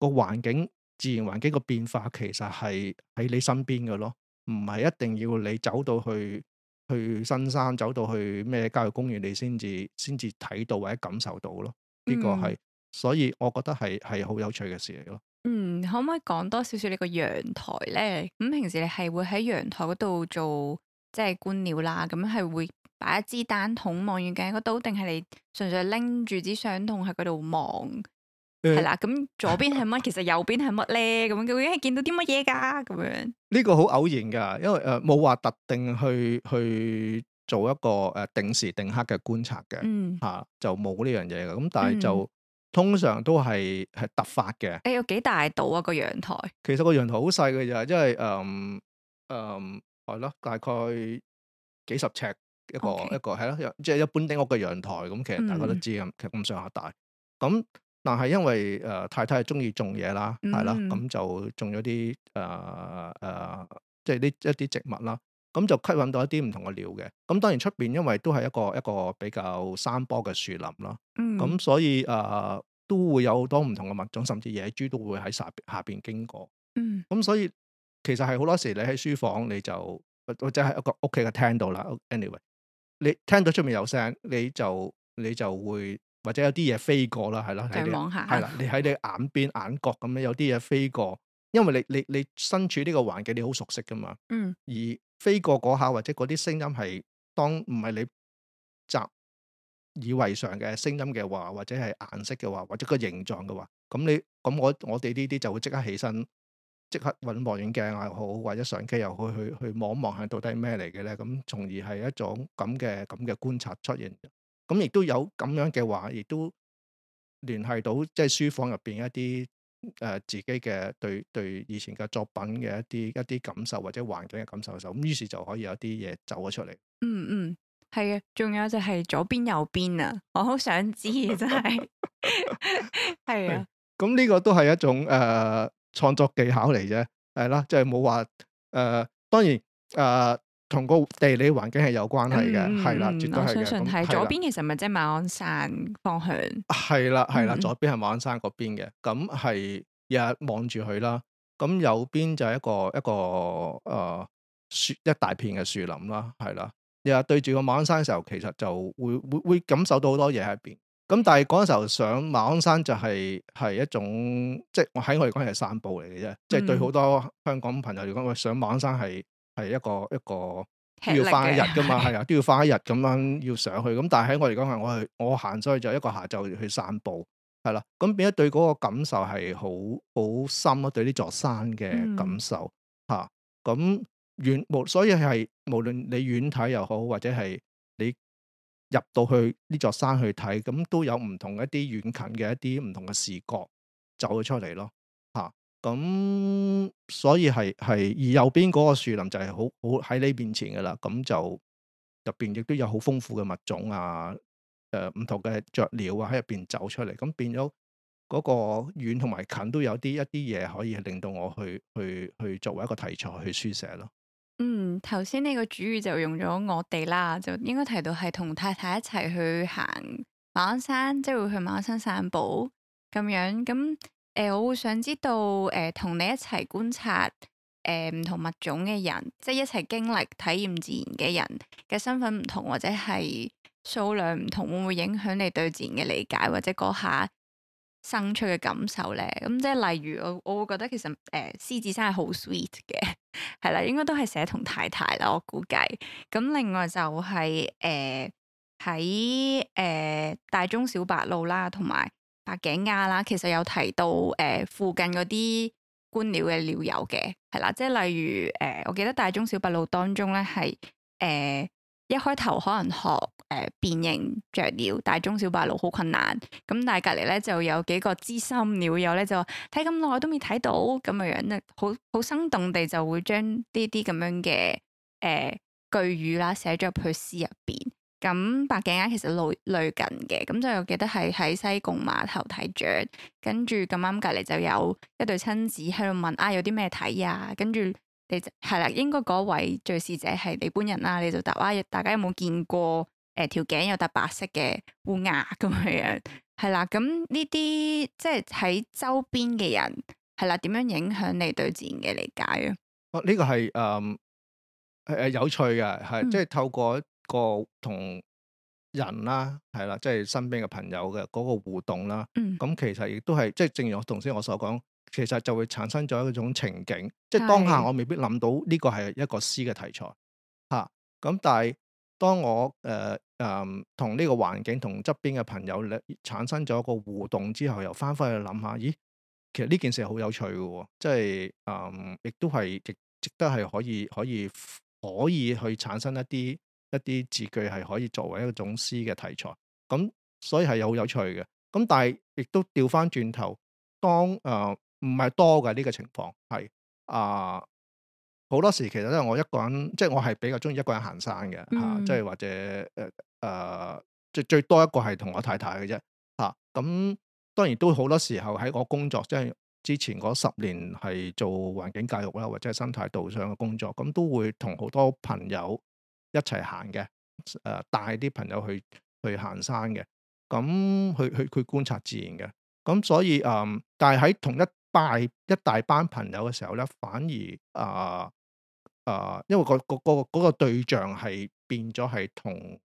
個環境自然環境個變化其實係喺你身邊嘅咯，唔係一定要你走到去去新山走到去咩郊野公園你先至先至睇到或者感受到咯，呢、這個係。嗯所以我覺得係係好有趣嘅事嚟咯。嗯，可唔可以講多少少你個陽台咧？咁平時你係會喺陽台嗰度做即係觀鳥啦？咁係會擺一支單筒望遠鏡嗰度，定係你純粹拎住支雙筒喺嗰度望？係、嗯、啦，咁左邊係乜？其實右邊係乜咧？咁究竟係見到啲乜嘢噶？咁樣呢個好偶然噶，因為誒冇話特定去去做一個誒定時定刻嘅觀察嘅，吓、嗯啊、就冇呢樣嘢嘅。咁但係就。嗯通常都係係突發嘅。誒、欸，有幾大度啊？個陽台？其實個陽台好細嘅，就係因為誒誒係咯，大概幾十尺一個 Okay. 一個係咯，即係、就是、一般丁屋嘅陽台咁。其實大家都知咁，嗯、其實咁上下大。咁但係因為誒、呃、太太係中意種嘢啦，係啦、嗯，咁就種咗啲誒誒，即係呢一啲植物啦。咁就吸引到一啲唔同嘅鳥嘅，咁當然出邊因為都係一個一個比較山坡嘅樹林啦，咁、嗯、所以誒、呃、都會有好多唔同嘅物種，甚至野豬都會喺下邊下邊經過，咁、嗯嗯、所以其實係好多時你喺書房，你就或者係一個屋企嘅廳度啦，anyway，你聽到出面有聲，你就你就會或者有啲嘢飛過啦，係咯，係啦，啦嗯、你喺你眼邊、嗯、眼角咁樣有啲嘢飛過，因為你你你，你身處呢個環境你好熟悉噶嘛，嗯、而，而飛過嗰下，或者嗰啲聲音係當唔係你習以為常嘅聲音嘅話，或者係顏色嘅話，或者個形狀嘅話，咁你咁我我哋呢啲就會即刻起身，即刻揾望遠鏡啊又好，或者相機又去去去望一望係到底係咩嚟嘅咧？咁從而係一種咁嘅咁嘅觀察出現。咁亦都有咁樣嘅話，亦都聯繫到即係、就是、書房入邊一啲。誒、呃，自己嘅對對以前嘅作品嘅一啲一啲感受或者環境嘅感受嘅時候，咁於是就可以有啲嘢走咗出嚟、嗯。嗯嗯，係啊，仲有就係左邊右邊啊，我好想知真係，係 啊的。咁呢、嗯呢個都係一種誒創、呃、作技巧嚟啫，係啦，即係冇話誒，當然誒。呃同個地理環境係有關係嘅，係啦、嗯，絕對係嘅。咁左邊其實咪即係馬鞍山方向。係啦，係啦，嗯、左邊係馬鞍山嗰邊嘅。咁係日日望住佢啦。咁右邊就係一個一個誒、呃、樹一大片嘅樹林啦。係啦，日日對住個馬鞍山嘅時候，其實就會會會感受到好多嘢喺邊。咁但係嗰陣時候上馬鞍山就係、是、係一種即係我喺我哋講係散步嚟嘅啫。即係、嗯、對好多香港朋友嚟講，我上馬鞍山係。係一個一個都要翻一日噶嘛，係啊，都要翻一日咁樣要上去。咁但係喺我嚟講係我去我行，出去就一個下晝去散步，係啦。咁變咗對嗰個感受係好好深、嗯、啊，對呢座山嘅感受吓。咁遠無所以係無論你遠睇又好，或者係你入到去呢座山去睇，咁都有唔同一啲遠近嘅一啲唔同嘅視覺走出嚟咯。咁、嗯、所以係係而右邊嗰個樹林就係好好喺你面前噶啦，咁就入邊亦都有好豐富嘅物種啊，誒、呃、唔同嘅雀鳥啊喺入邊走出嚟，咁變咗嗰個遠同埋近都有啲一啲嘢可以令到我去去去，去作為一個題材去書寫咯。嗯，頭先呢個主語就用咗我哋啦，就應該提到係同太太一齊去行馬鞍山，即、就、係、是、會去馬鞍山散步咁樣咁。誒、呃，我會想知道誒，同、呃、你一齊觀察誒唔、呃、同物種嘅人，即係一齊經歷體驗自然嘅人嘅身份唔同，或者係數量唔同，會唔會影響你對自然嘅理解，或者嗰下生出嘅感受咧？咁即係例如，我我會覺得其實誒、呃、獅子山係好 sweet 嘅，係啦，應該都係寫同太太啦，我估計。咁另外就係誒喺誒大中小白鷺啦，同埋。白頸鴨啦，其實有提到誒、呃、附近嗰啲觀鳥嘅鳥友嘅，係啦，即係例如誒、呃，我記得大中小白鷺當中咧係誒一開頭可能學誒、呃、辨認雀鳥，大中小白鷺好困難，咁但係隔離咧就有幾個資深鳥友咧就睇咁耐都未睇到咁樣樣，好好生動地就會將呢啲咁樣嘅誒、呃、句語啦寫咗入去詩入邊。咁白頸鵲其實累累近嘅，咁就又記得係喺西貢碼頭睇雀，跟住咁啱隔籬就有一對親子喺度問啊，有啲咩睇啊？跟住你就：「係啦，應該嗰位敘事者係日本人啦，你就答啊，大家有冇見過誒條頸有搭白色嘅烏鴉咁樣樣？係啦，咁呢啲即係喺周邊嘅人，係啦，點樣影響你對自然嘅理解啊？哦，呢、這個係誒誒有趣嘅，係即係透過。嗯個同人啦，係啦，即係身邊嘅朋友嘅嗰個互動啦。咁、嗯、其實亦都係，即係正如我頭先我所講，其實就會產生咗一種情景，即係當下我未必諗到呢個係一個詩嘅題材，吓的。咁、啊、但係當我誒誒同呢個環境同側邊嘅朋友咧產生咗一個互動之後，又翻返去諗下，咦，其實呢件事好有趣嘅，即係誒，亦、呃、都係，亦值得係可以可以可以，可以去產生一啲。一啲字句係可以作為一種詩嘅題材，咁所以係好有趣嘅。咁但係亦都調翻轉頭，當誒唔係多嘅呢、這個情況係啊，好、呃、多時其實都係我一個人，即係我係比較中意一個人行山嘅嚇、嗯啊，即係或者誒誒、呃、最最多一個係同我太太嘅啫嚇。咁、啊嗯、當然都好多時候喺我工作，即係之前嗰十年係做環境教育啦，或者係生態導賞嘅工作，咁、嗯、都會同好多朋友。一齊行嘅，誒、呃，帶啲朋友去去行山嘅，咁去去去觀察自然嘅，咁所以誒、嗯，但係喺同一大一大班朋友嘅時候咧，反而啊啊、呃呃，因為個個個嗰個對象係變咗係同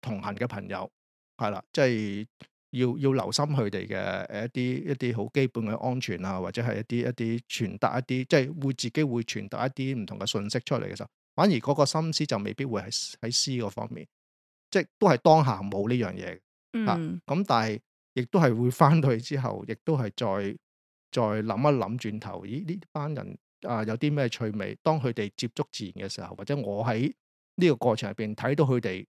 同行嘅朋友，係啦，即係要要留心佢哋嘅一啲一啲好基本嘅安全啊，或者係一啲一啲傳達一啲，即係會自己會傳達一啲唔同嘅信息出嚟嘅時候。反而嗰個心思就未必會喺喺詩嗰方面，即係都係當下冇呢樣嘢嚇。咁、嗯啊、但係亦都係會翻去之後，亦都係再再諗一諗轉頭，咦？呢班人啊有啲咩趣味？當佢哋接觸自然嘅時候，或者我喺呢個過程入邊睇到佢哋。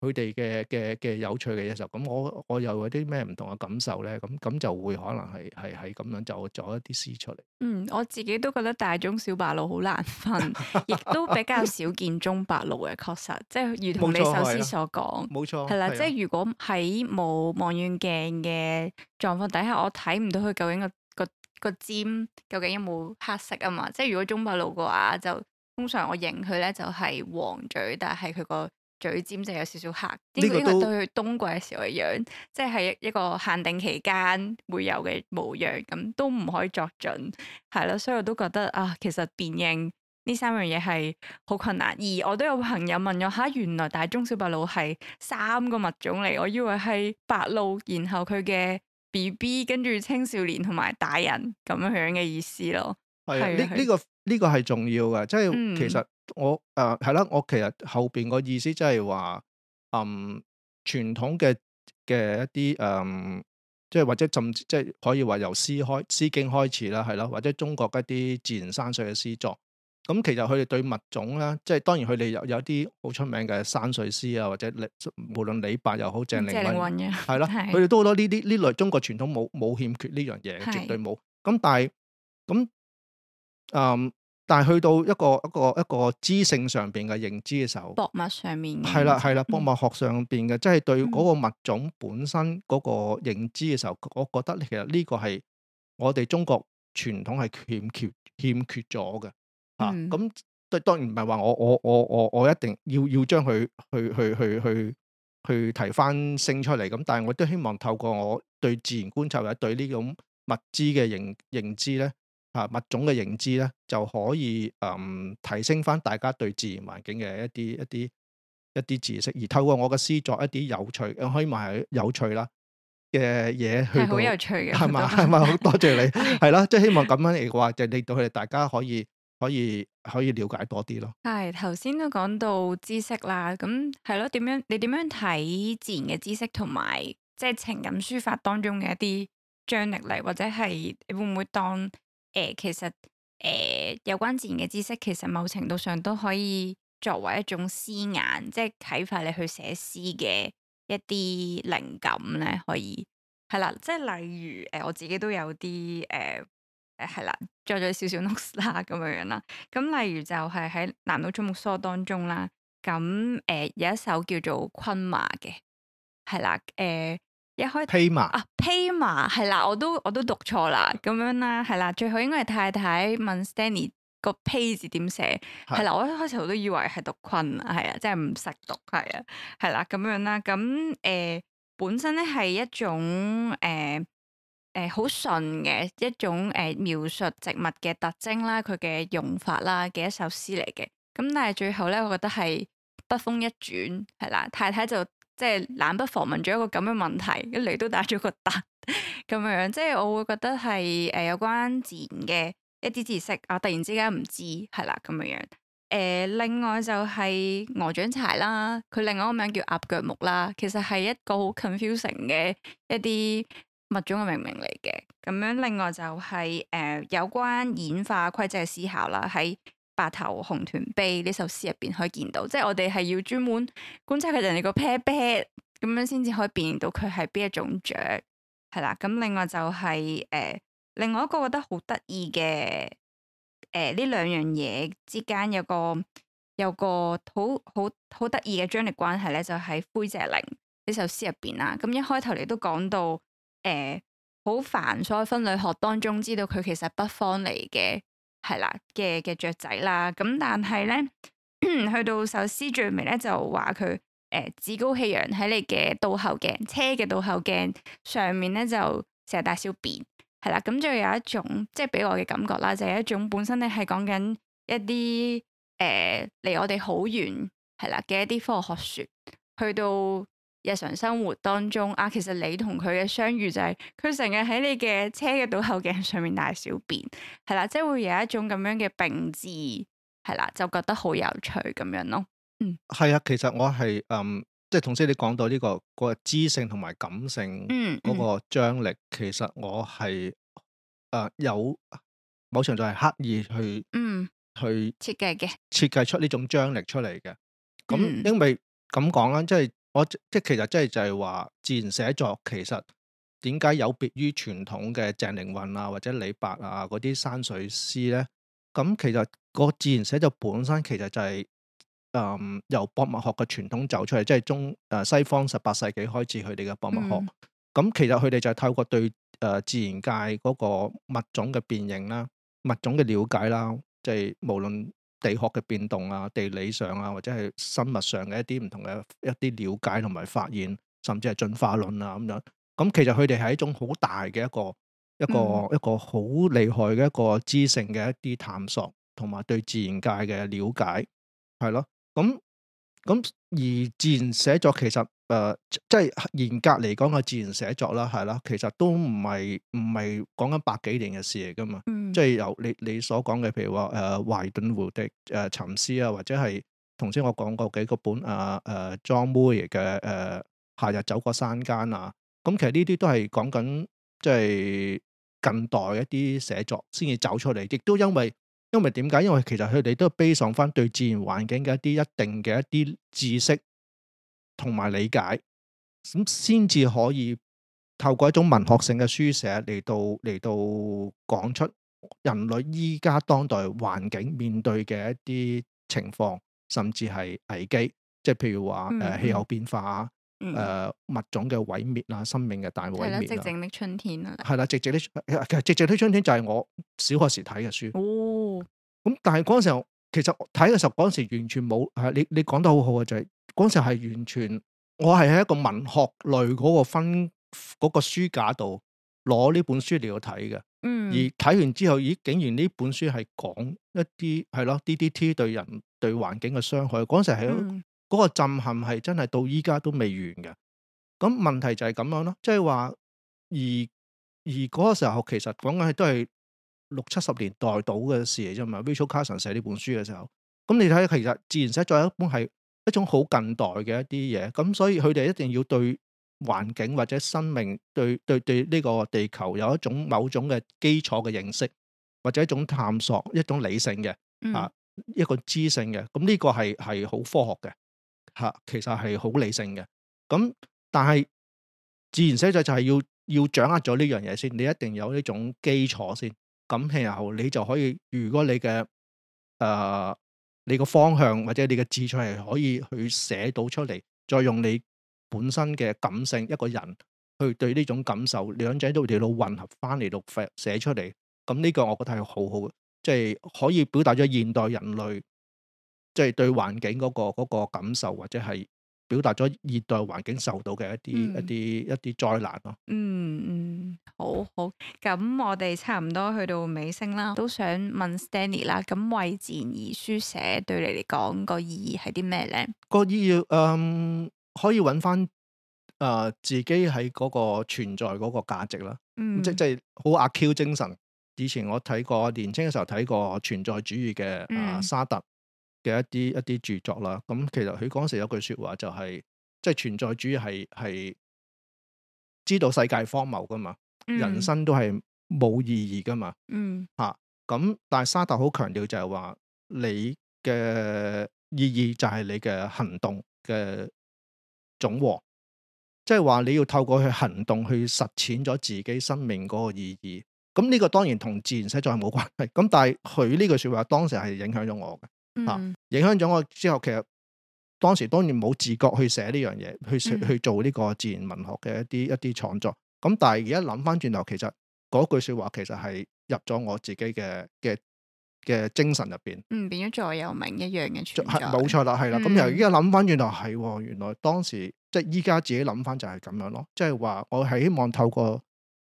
佢哋嘅嘅嘅有趣嘅嘢就咁，我我又有啲咩唔同嘅感受咧？咁咁就會可能係係係咁樣就咗一啲詩出嚟。嗯，我自己都覺得大中小白鷺好難分，亦 都比較少見中白鷺嘅，確實即係如同你首詩所講。冇錯，係啦、啊，啊啊、即係如果喺冇望遠鏡嘅狀況底下，我睇唔到佢究竟個個個,個尖究竟有冇黑色啊嘛？即係如果中白鷺嘅話，就通常我認佢咧就係黃嘴，但係佢個。嘴尖就有少少黑，呢個對佢冬季嘅時候嘅樣，即係一個限定期間會有嘅模樣，咁都唔可以作準，係咯，所以我都覺得啊，其實辨認呢三樣嘢係好困難，而我都有朋友問咗下、啊，原來大中小白鷺係三個物種嚟。我以為係白鷺，然後佢嘅 B B，跟住青少年同埋大人咁樣嘅意思咯，係呢呢個呢個係重要㗎，即係、嗯、其實。我誒係啦，我其實後邊個意思即係話，嗯，傳統嘅嘅一啲誒、嗯，即係或者甚至即係可以話由詩開詩經開始啦，係啦，或者中國一啲自然山水嘅詩作。咁、嗯、其實佢哋對物種啦，即係當然佢哋有有啲好出名嘅山水詩啊，或者李無論李白又好，鄭靈運，係啦，佢哋的都好多呢啲呢類中國傳統冇冇欠缺呢樣嘢，的絕對冇。咁但係咁嗯。嗯嗯但係去到一個一個一個知性上邊嘅認知嘅時候，博物上面係啦，係啦，博物學上邊嘅，即係、嗯、對嗰個物種本身嗰個認知嘅時候，我覺得其實呢個係我哋中國傳統係欠，欠，欠，欠缺，欠缺咗嘅。啊，咁都、嗯、當然唔係話我我我我我一定要要將佢去去去去去提翻升出嚟咁，但係我都希望透過我對自然觀察或者對呢種物資嘅認認知咧。啊物種嘅認知咧，就可以誒、嗯、提升翻大家對自然環境嘅一啲一啲一啲知識，而透過我嘅詩作一啲有趣，可以話係有趣啦嘅嘢去到係好有趣嘅，係嘛係嘛，好多謝你係啦，即係希望咁樣嚟嘅話，就令到佢哋大家可以可以可以了解多啲咯。係頭先都講到知識啦，咁係咯，點樣你點樣睇自然嘅知識同埋即係情感抒發當中嘅一啲張力嚟，或者係你會唔會當？誒、呃，其實誒、呃、有關自然嘅知識，其實某程度上都可以作為一種詩眼，即係啟發你去寫詩嘅一啲靈感咧，可以係啦，即係例如誒、呃，我自己都有啲誒誒係啦，作咗少少 notes 啦，咁樣樣啦，咁例如就係喺南島草木疏當中啦，咁誒、呃、有一首叫做《昆馬》嘅，係啦，誒、呃。一開始，披麻 Pay ma. 啊，披麻係啦，我都我都讀錯啦，咁樣啦，係啦，最後應該係太太問 Stanley 個 P 字點寫，係是啦，我一開始都以為係讀昆啊，係啊，即係唔識讀，係啊，係啦，咁樣啦，咁誒、呃，本身咧係一種誒誒好順嘅一種誒、呃、描述植物嘅特徵啦，佢嘅用法啦嘅一首詩嚟嘅，咁但係最後咧，我覺得係北風一轉，係啦，太太就。即係冷不防問咗一個咁嘅問題，一嚟都打咗個突咁樣，即係我會覺得係誒、呃、有關自然嘅一啲知識啊，我突然之間唔知係啦咁樣。誒、呃、另外就係鵝掌柴啦，佢另外一個名叫鴨腳木啦，其實係一個好 confusing 嘅一啲物種嘅命名嚟嘅。咁樣另外就係、是、誒、呃、有關演化規則嘅思考啦，係。白頭紅豚臂呢首詩入邊可以見到，即係我哋係要專門觀察佢哋呢個 pat pat 咁樣，先至可以辨認到佢係邊一種雀，係啦。咁另外就係、是、誒、呃，另外一個覺得好得意嘅誒，呢、呃、兩樣嘢之間有個有個好好好得意嘅張力關係咧，就喺、是、灰鶺鴒呢首詩入邊啦。咁一開頭你都講到誒，好、呃、煩，所以分類學當中知道佢其實北方嚟嘅。係啦嘅嘅雀仔啦，咁但係咧 去到首詩最尾咧就話佢誒趾高氣揚喺你嘅倒後鏡車嘅倒後鏡上面咧就成日大小便係啦，咁就、嗯、有一種即係俾我嘅感覺啦，就係、是、一種本身咧係講緊一啲誒離我哋好遠係啦嘅一啲科學學說去到。日常生活當中啊，其實你同佢嘅相遇就係佢成日喺你嘅車嘅倒後鏡上面大小便，係啦，即係會有一種咁樣嘅並置，係啦，就覺得好有趣咁樣咯。嗯，係啊，其實我係嗯，即、就、係、是、頭先你講到呢、這個、那個知性同埋感性嗯，嗯，嗰個張力，其實我係誒、呃、有某程度係刻意去嗯去設計嘅，設計出呢種張力出嚟嘅。咁、嗯、因為咁講啦，即係。我即係其實即係就係話自然寫作其實點解有別於傳統嘅謝靈運啊或者李白啊嗰啲山水詩咧？咁其實個自然寫作本身其實就係、是、誒、嗯、由博物學嘅傳統走出嚟，即、就、係、是、中誒、呃、西方十八世紀開始佢哋嘅博物學。咁、嗯、其實佢哋就係透過對誒、呃、自然界嗰個物種嘅變形啦、物種嘅了解啦，即、就、係、是、無論。地殼嘅變動啊，地理上啊，或者係生物上嘅一啲唔同嘅一啲了解同埋發現，甚至係進化論啊咁樣。咁、嗯、其實佢哋係一種好大嘅一個一個一個好厲害嘅一個知性嘅一啲探索，同埋對自然界嘅了解，係咯。咁、嗯、咁、嗯、而自然寫作其實。誒，即係嚴格嚟講嘅自然寫作啦，係啦，其實都唔係唔係講緊百幾年嘅事嚟噶嘛。即係由你你所講嘅，譬如話誒懷頓湖的誒沉思啊，或者係頭先我講過幾個本啊誒 John Muir 嘅誒夏日走過山間啊。咁其實呢啲都係講緊即係近代一啲寫作先至走出嚟，亦都因為因為點解？因為其實佢哋都係悲喪翻對自然環境嘅一啲一定嘅一啲知識。同埋理解咁，先至可以透過一種文學性嘅書寫嚟到嚟到講出人類依家當代環境面對嘅一啲情況，甚至係危機，即係譬如話誒氣候變化啊，誒、呃、物種嘅毀滅啊，生命嘅大毀滅啊。係啦，寂靜的春天啊。係啦，寂靜的其實寂靜的春天就係我小學時睇嘅書。哦，咁但係嗰陣時候，其實睇嘅時候，嗰陣時完全冇啊！你你講得好好嘅就係。嗰時係完全，我係喺一個文學類嗰個分嗰、嗰個書架度攞呢本書嚟去睇嘅。嗯，而睇完之後，咦，竟然呢本書係講一啲係咯 D D T 對人對環境嘅傷害。嗰時係嗰、嗯、個震撼係真係到依家都未完嘅。咁問題就係咁樣咯，即係話而而嗰個時候其實講緊係都係六七十年代到嘅事嚟啫嘛。Rachel Carson 寫呢本書嘅時候，咁你睇其實自然寫作一本係。一種好近代嘅一啲嘢，咁所以佢哋一定要對環境或者生命對對對呢個地球有一種某種嘅基礎嘅認識，或者一種探索、一種理性嘅啊，一個知性嘅。咁呢個係係好科學嘅，嚇，其實係好理性嘅。咁但係自然寫作就係要要掌握咗呢樣嘢先，你一定有呢種基礎先，咁然後你就可以，如果你嘅誒。你個方向或者你嘅志趣係可以去寫到出嚟，再用你本身嘅感性，一個人去對呢種感受，兩者都會調到混合翻嚟度寫出嚟。咁、這、呢個我覺得係好好嘅，即、就、係、是、可以表達咗現代人類即係、就是、對環境嗰、那個嗰、那個感受或者係。表達咗熱帶環境受到嘅一啲、嗯、一啲一啲災難咯、啊。嗯嗯，好好。咁我哋差唔多去到尾聲啦，都想問 Stanley 啦。咁為自然而書寫對你嚟講、那個意義係啲咩咧？個意義誒、嗯，可以揾翻誒自己喺嗰個存在嗰個價值啦。嗯，即即係好阿 Q 精神。以前我睇過年青嘅時候睇過存在主義嘅阿、呃、沙特、嗯。嘅一啲一啲著作啦，咁其實佢當時有句說話就係、是，即、就、係、是、存在主義係係知道世界荒謬噶嘛，嗯、人生都係冇意義噶嘛，嗯吓，咁、啊、但係沙特好強調就係話，你嘅意義就係你嘅行動嘅總和，即係話你要透過去行動去實踐咗自己生命嗰個意義，咁、嗯、呢、嗯、個當然同自然實在係冇關係，咁但係佢呢句說話當時係影響咗我嘅。啊！嗯、影響咗我之後，其實當時當然冇自覺去寫呢樣嘢，去、嗯、去做呢個自然文學嘅一啲一啲創作。咁但係而家諗翻轉頭，其實嗰句説話其實係入咗我自己嘅嘅嘅精神入邊。嗯，變咗座右銘一樣嘅存在。冇錯啦，係啦。咁由而家諗翻轉頭，係喎，原來當時即係依家自己諗翻就係咁樣咯。即係話我係希望透過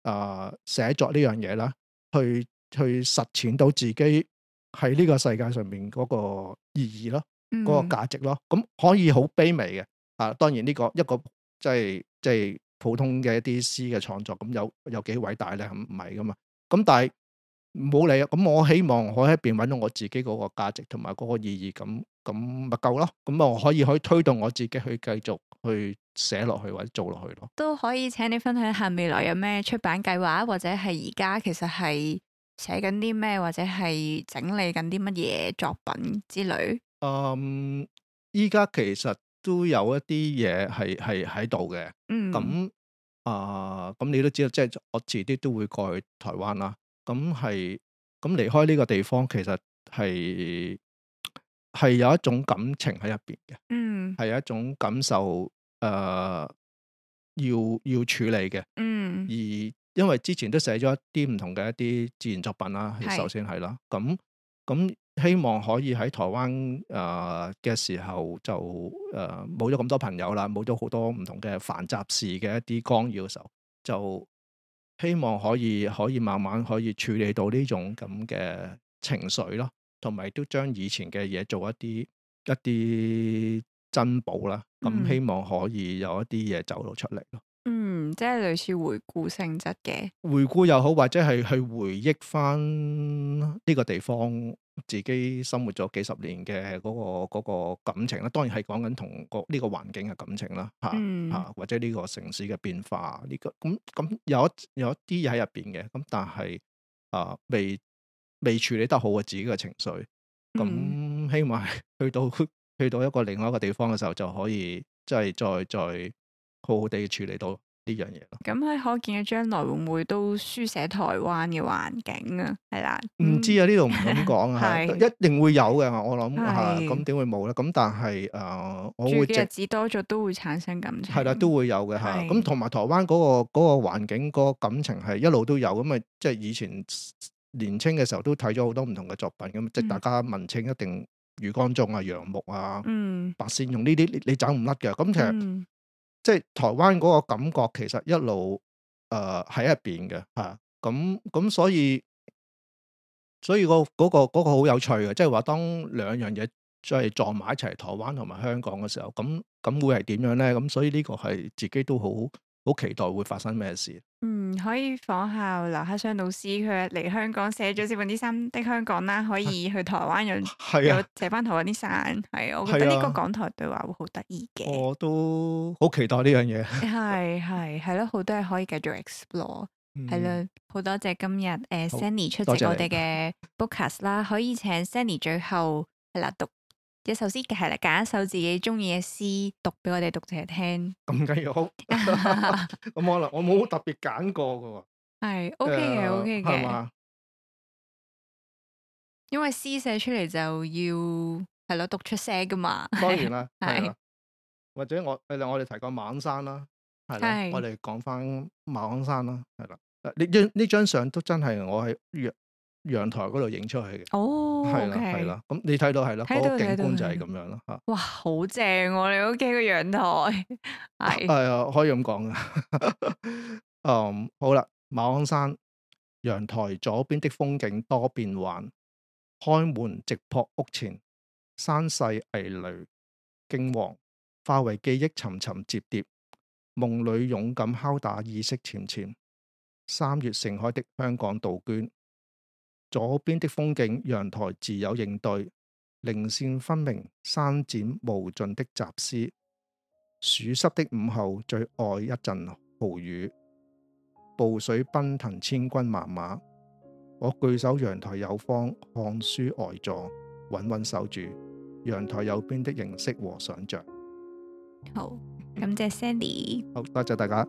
啊、呃、寫作呢樣嘢啦，去去實踐到自己。係呢個世界上面嗰個意義咯，嗰個價值咯，咁可以好卑微嘅。啊，當然呢個一個即係即係普通嘅一啲詩嘅創作，咁有有幾偉大咧？咁唔係噶嘛。咁但係冇理，咁我希望可以喺邊揾到我自己嗰個價值同埋嗰個意義咁，咁咪夠咯，咁啊我可以可以推動我自己去繼續去寫落去或者做落去咯。都可以，請你分享下未來有咩出版計劃，或者係而家其實係。寫緊啲咩或者係整理緊啲乜嘢作品之類？嗯，依家其實都有一啲嘢係係喺度嘅。嗯，咁啊，咁、呃、你都知道，即、就、係、是、我遲啲都會過去台灣啦。咁係，咁離開呢個地方，其實係係有一種感情喺入邊嘅。嗯，係有一種感受誒。呃要要處理嘅，嗯，而因為之前都寫咗一啲唔同嘅一啲自然作品啦，首先係啦，咁咁是、嗯嗯、希望可以喺台灣誒嘅時候就誒冇咗咁多朋友啦，冇咗好多唔同嘅繁雜事嘅一啲干擾嘅時候，就就希望可以可以慢慢可以處理到呢種咁嘅情緒咯，同埋都將以前嘅嘢做一啲一啲。增補啦，咁希望可以有一啲嘢走到出嚟咯。嗯，即係類似回顧性質嘅回顧又好，或者係去回憶返呢個地方自己生活咗幾十年嘅嗰、嗰個、嗰個感情啦。當然係講緊同個呢個環境嘅感情啦，吓吓、嗯啊、或者呢個城市嘅變化呢、呢個咁咁有，有一有一啲嘢喺入邊嘅，咁但係啊未未處理得好我自己嘅情緒，咁、嗯、希望去到。去到一個另外一個地方嘅時候，就可以即係再再好好地處理到呢樣嘢咯。咁喺可見嘅將來會唔會都書寫台灣嘅環境啊？係啦，唔、嗯、知啊，呢度唔敢講啊， 係一定會有嘅。我諗吓，咁點係會冇咧？咁但係誒、呃，我會日子多咗都會產生感情，係啦，都會有嘅吓。咁同埋台灣嗰個嗰個環境嗰個感情係一路都有咁啊，即係以前年青嘅時候都睇咗好多唔同嘅作品咁，即係大家文青一定。 余光中啊，楊牧啊，嗯、白線用呢啲，你走唔甩嘅。咁其實、嗯、即係台灣嗰個感覺，其實一路誒喺入邊嘅吓。咁、呃、咁、啊、所以所以、嗰個嗰、嗰個、嗰個好有趣嘅，即係話當兩樣嘢即係撞埋一齊，台灣同埋香港嘅時候，咁咁會係點樣咧？咁所以呢個係自己都好。好期待會發生咩事？嗯，可以仿效劉克襄老師，佢嚟香港寫咗《四分之三的香港》啦，可以去台灣有寫返、啊、台灣啲山。係啊，我覺得呢個港台對話會好得意嘅。我都好期待呢樣嘢，係係係咯，好多嘢可以繼續 explore，係咯，嗯呃、好出席 多謝今日誒 Stanley 出席我哋嘅 bookcast 啦，可以請 Stanley 最後係啦讀。你首先，係啦，揀一首自己中意嘅詩讀俾我哋讀者聽。咁緊要，咁 可能我冇特別揀過㗎喎。係 OK 嘅，OK 嘅。因為詩寫出嚟就要係咯，讀出聲噶嘛。當然啦，係啦 是。或者我我哋提過馬鞍山啦，係啦，是我哋講返馬鞍山啦，係啦。呢張呢張相都真係我係。陽台嗰度影出去嘅，哦、oh, okay.，係啦，係啦，咁、嗯、你睇到係啦，個景觀就係咁樣啦吓。哇，好正哦、啊！你屋企個陽台，係誒，可以咁講嘅。 嗯，好啦，馬鞍山陽台左邊的風景多變幻，開門直撲屋前，山勢危巍驚惶，化為記憶沉沉疊疊，夢裏勇敢敲打意識淺淺，三月盛開的香港杜鵑。左邊的風景，陽台自有應對，稜線分明，伸展無盡的雜絲。暑濕的午後，最愛一陣豪雨，暴水奔騰，千軍萬馬。我據守陽台右方，看書呆坐，穩穩守住陽台右邊的形色和想象。好，感謝 Stanley，多謝大家。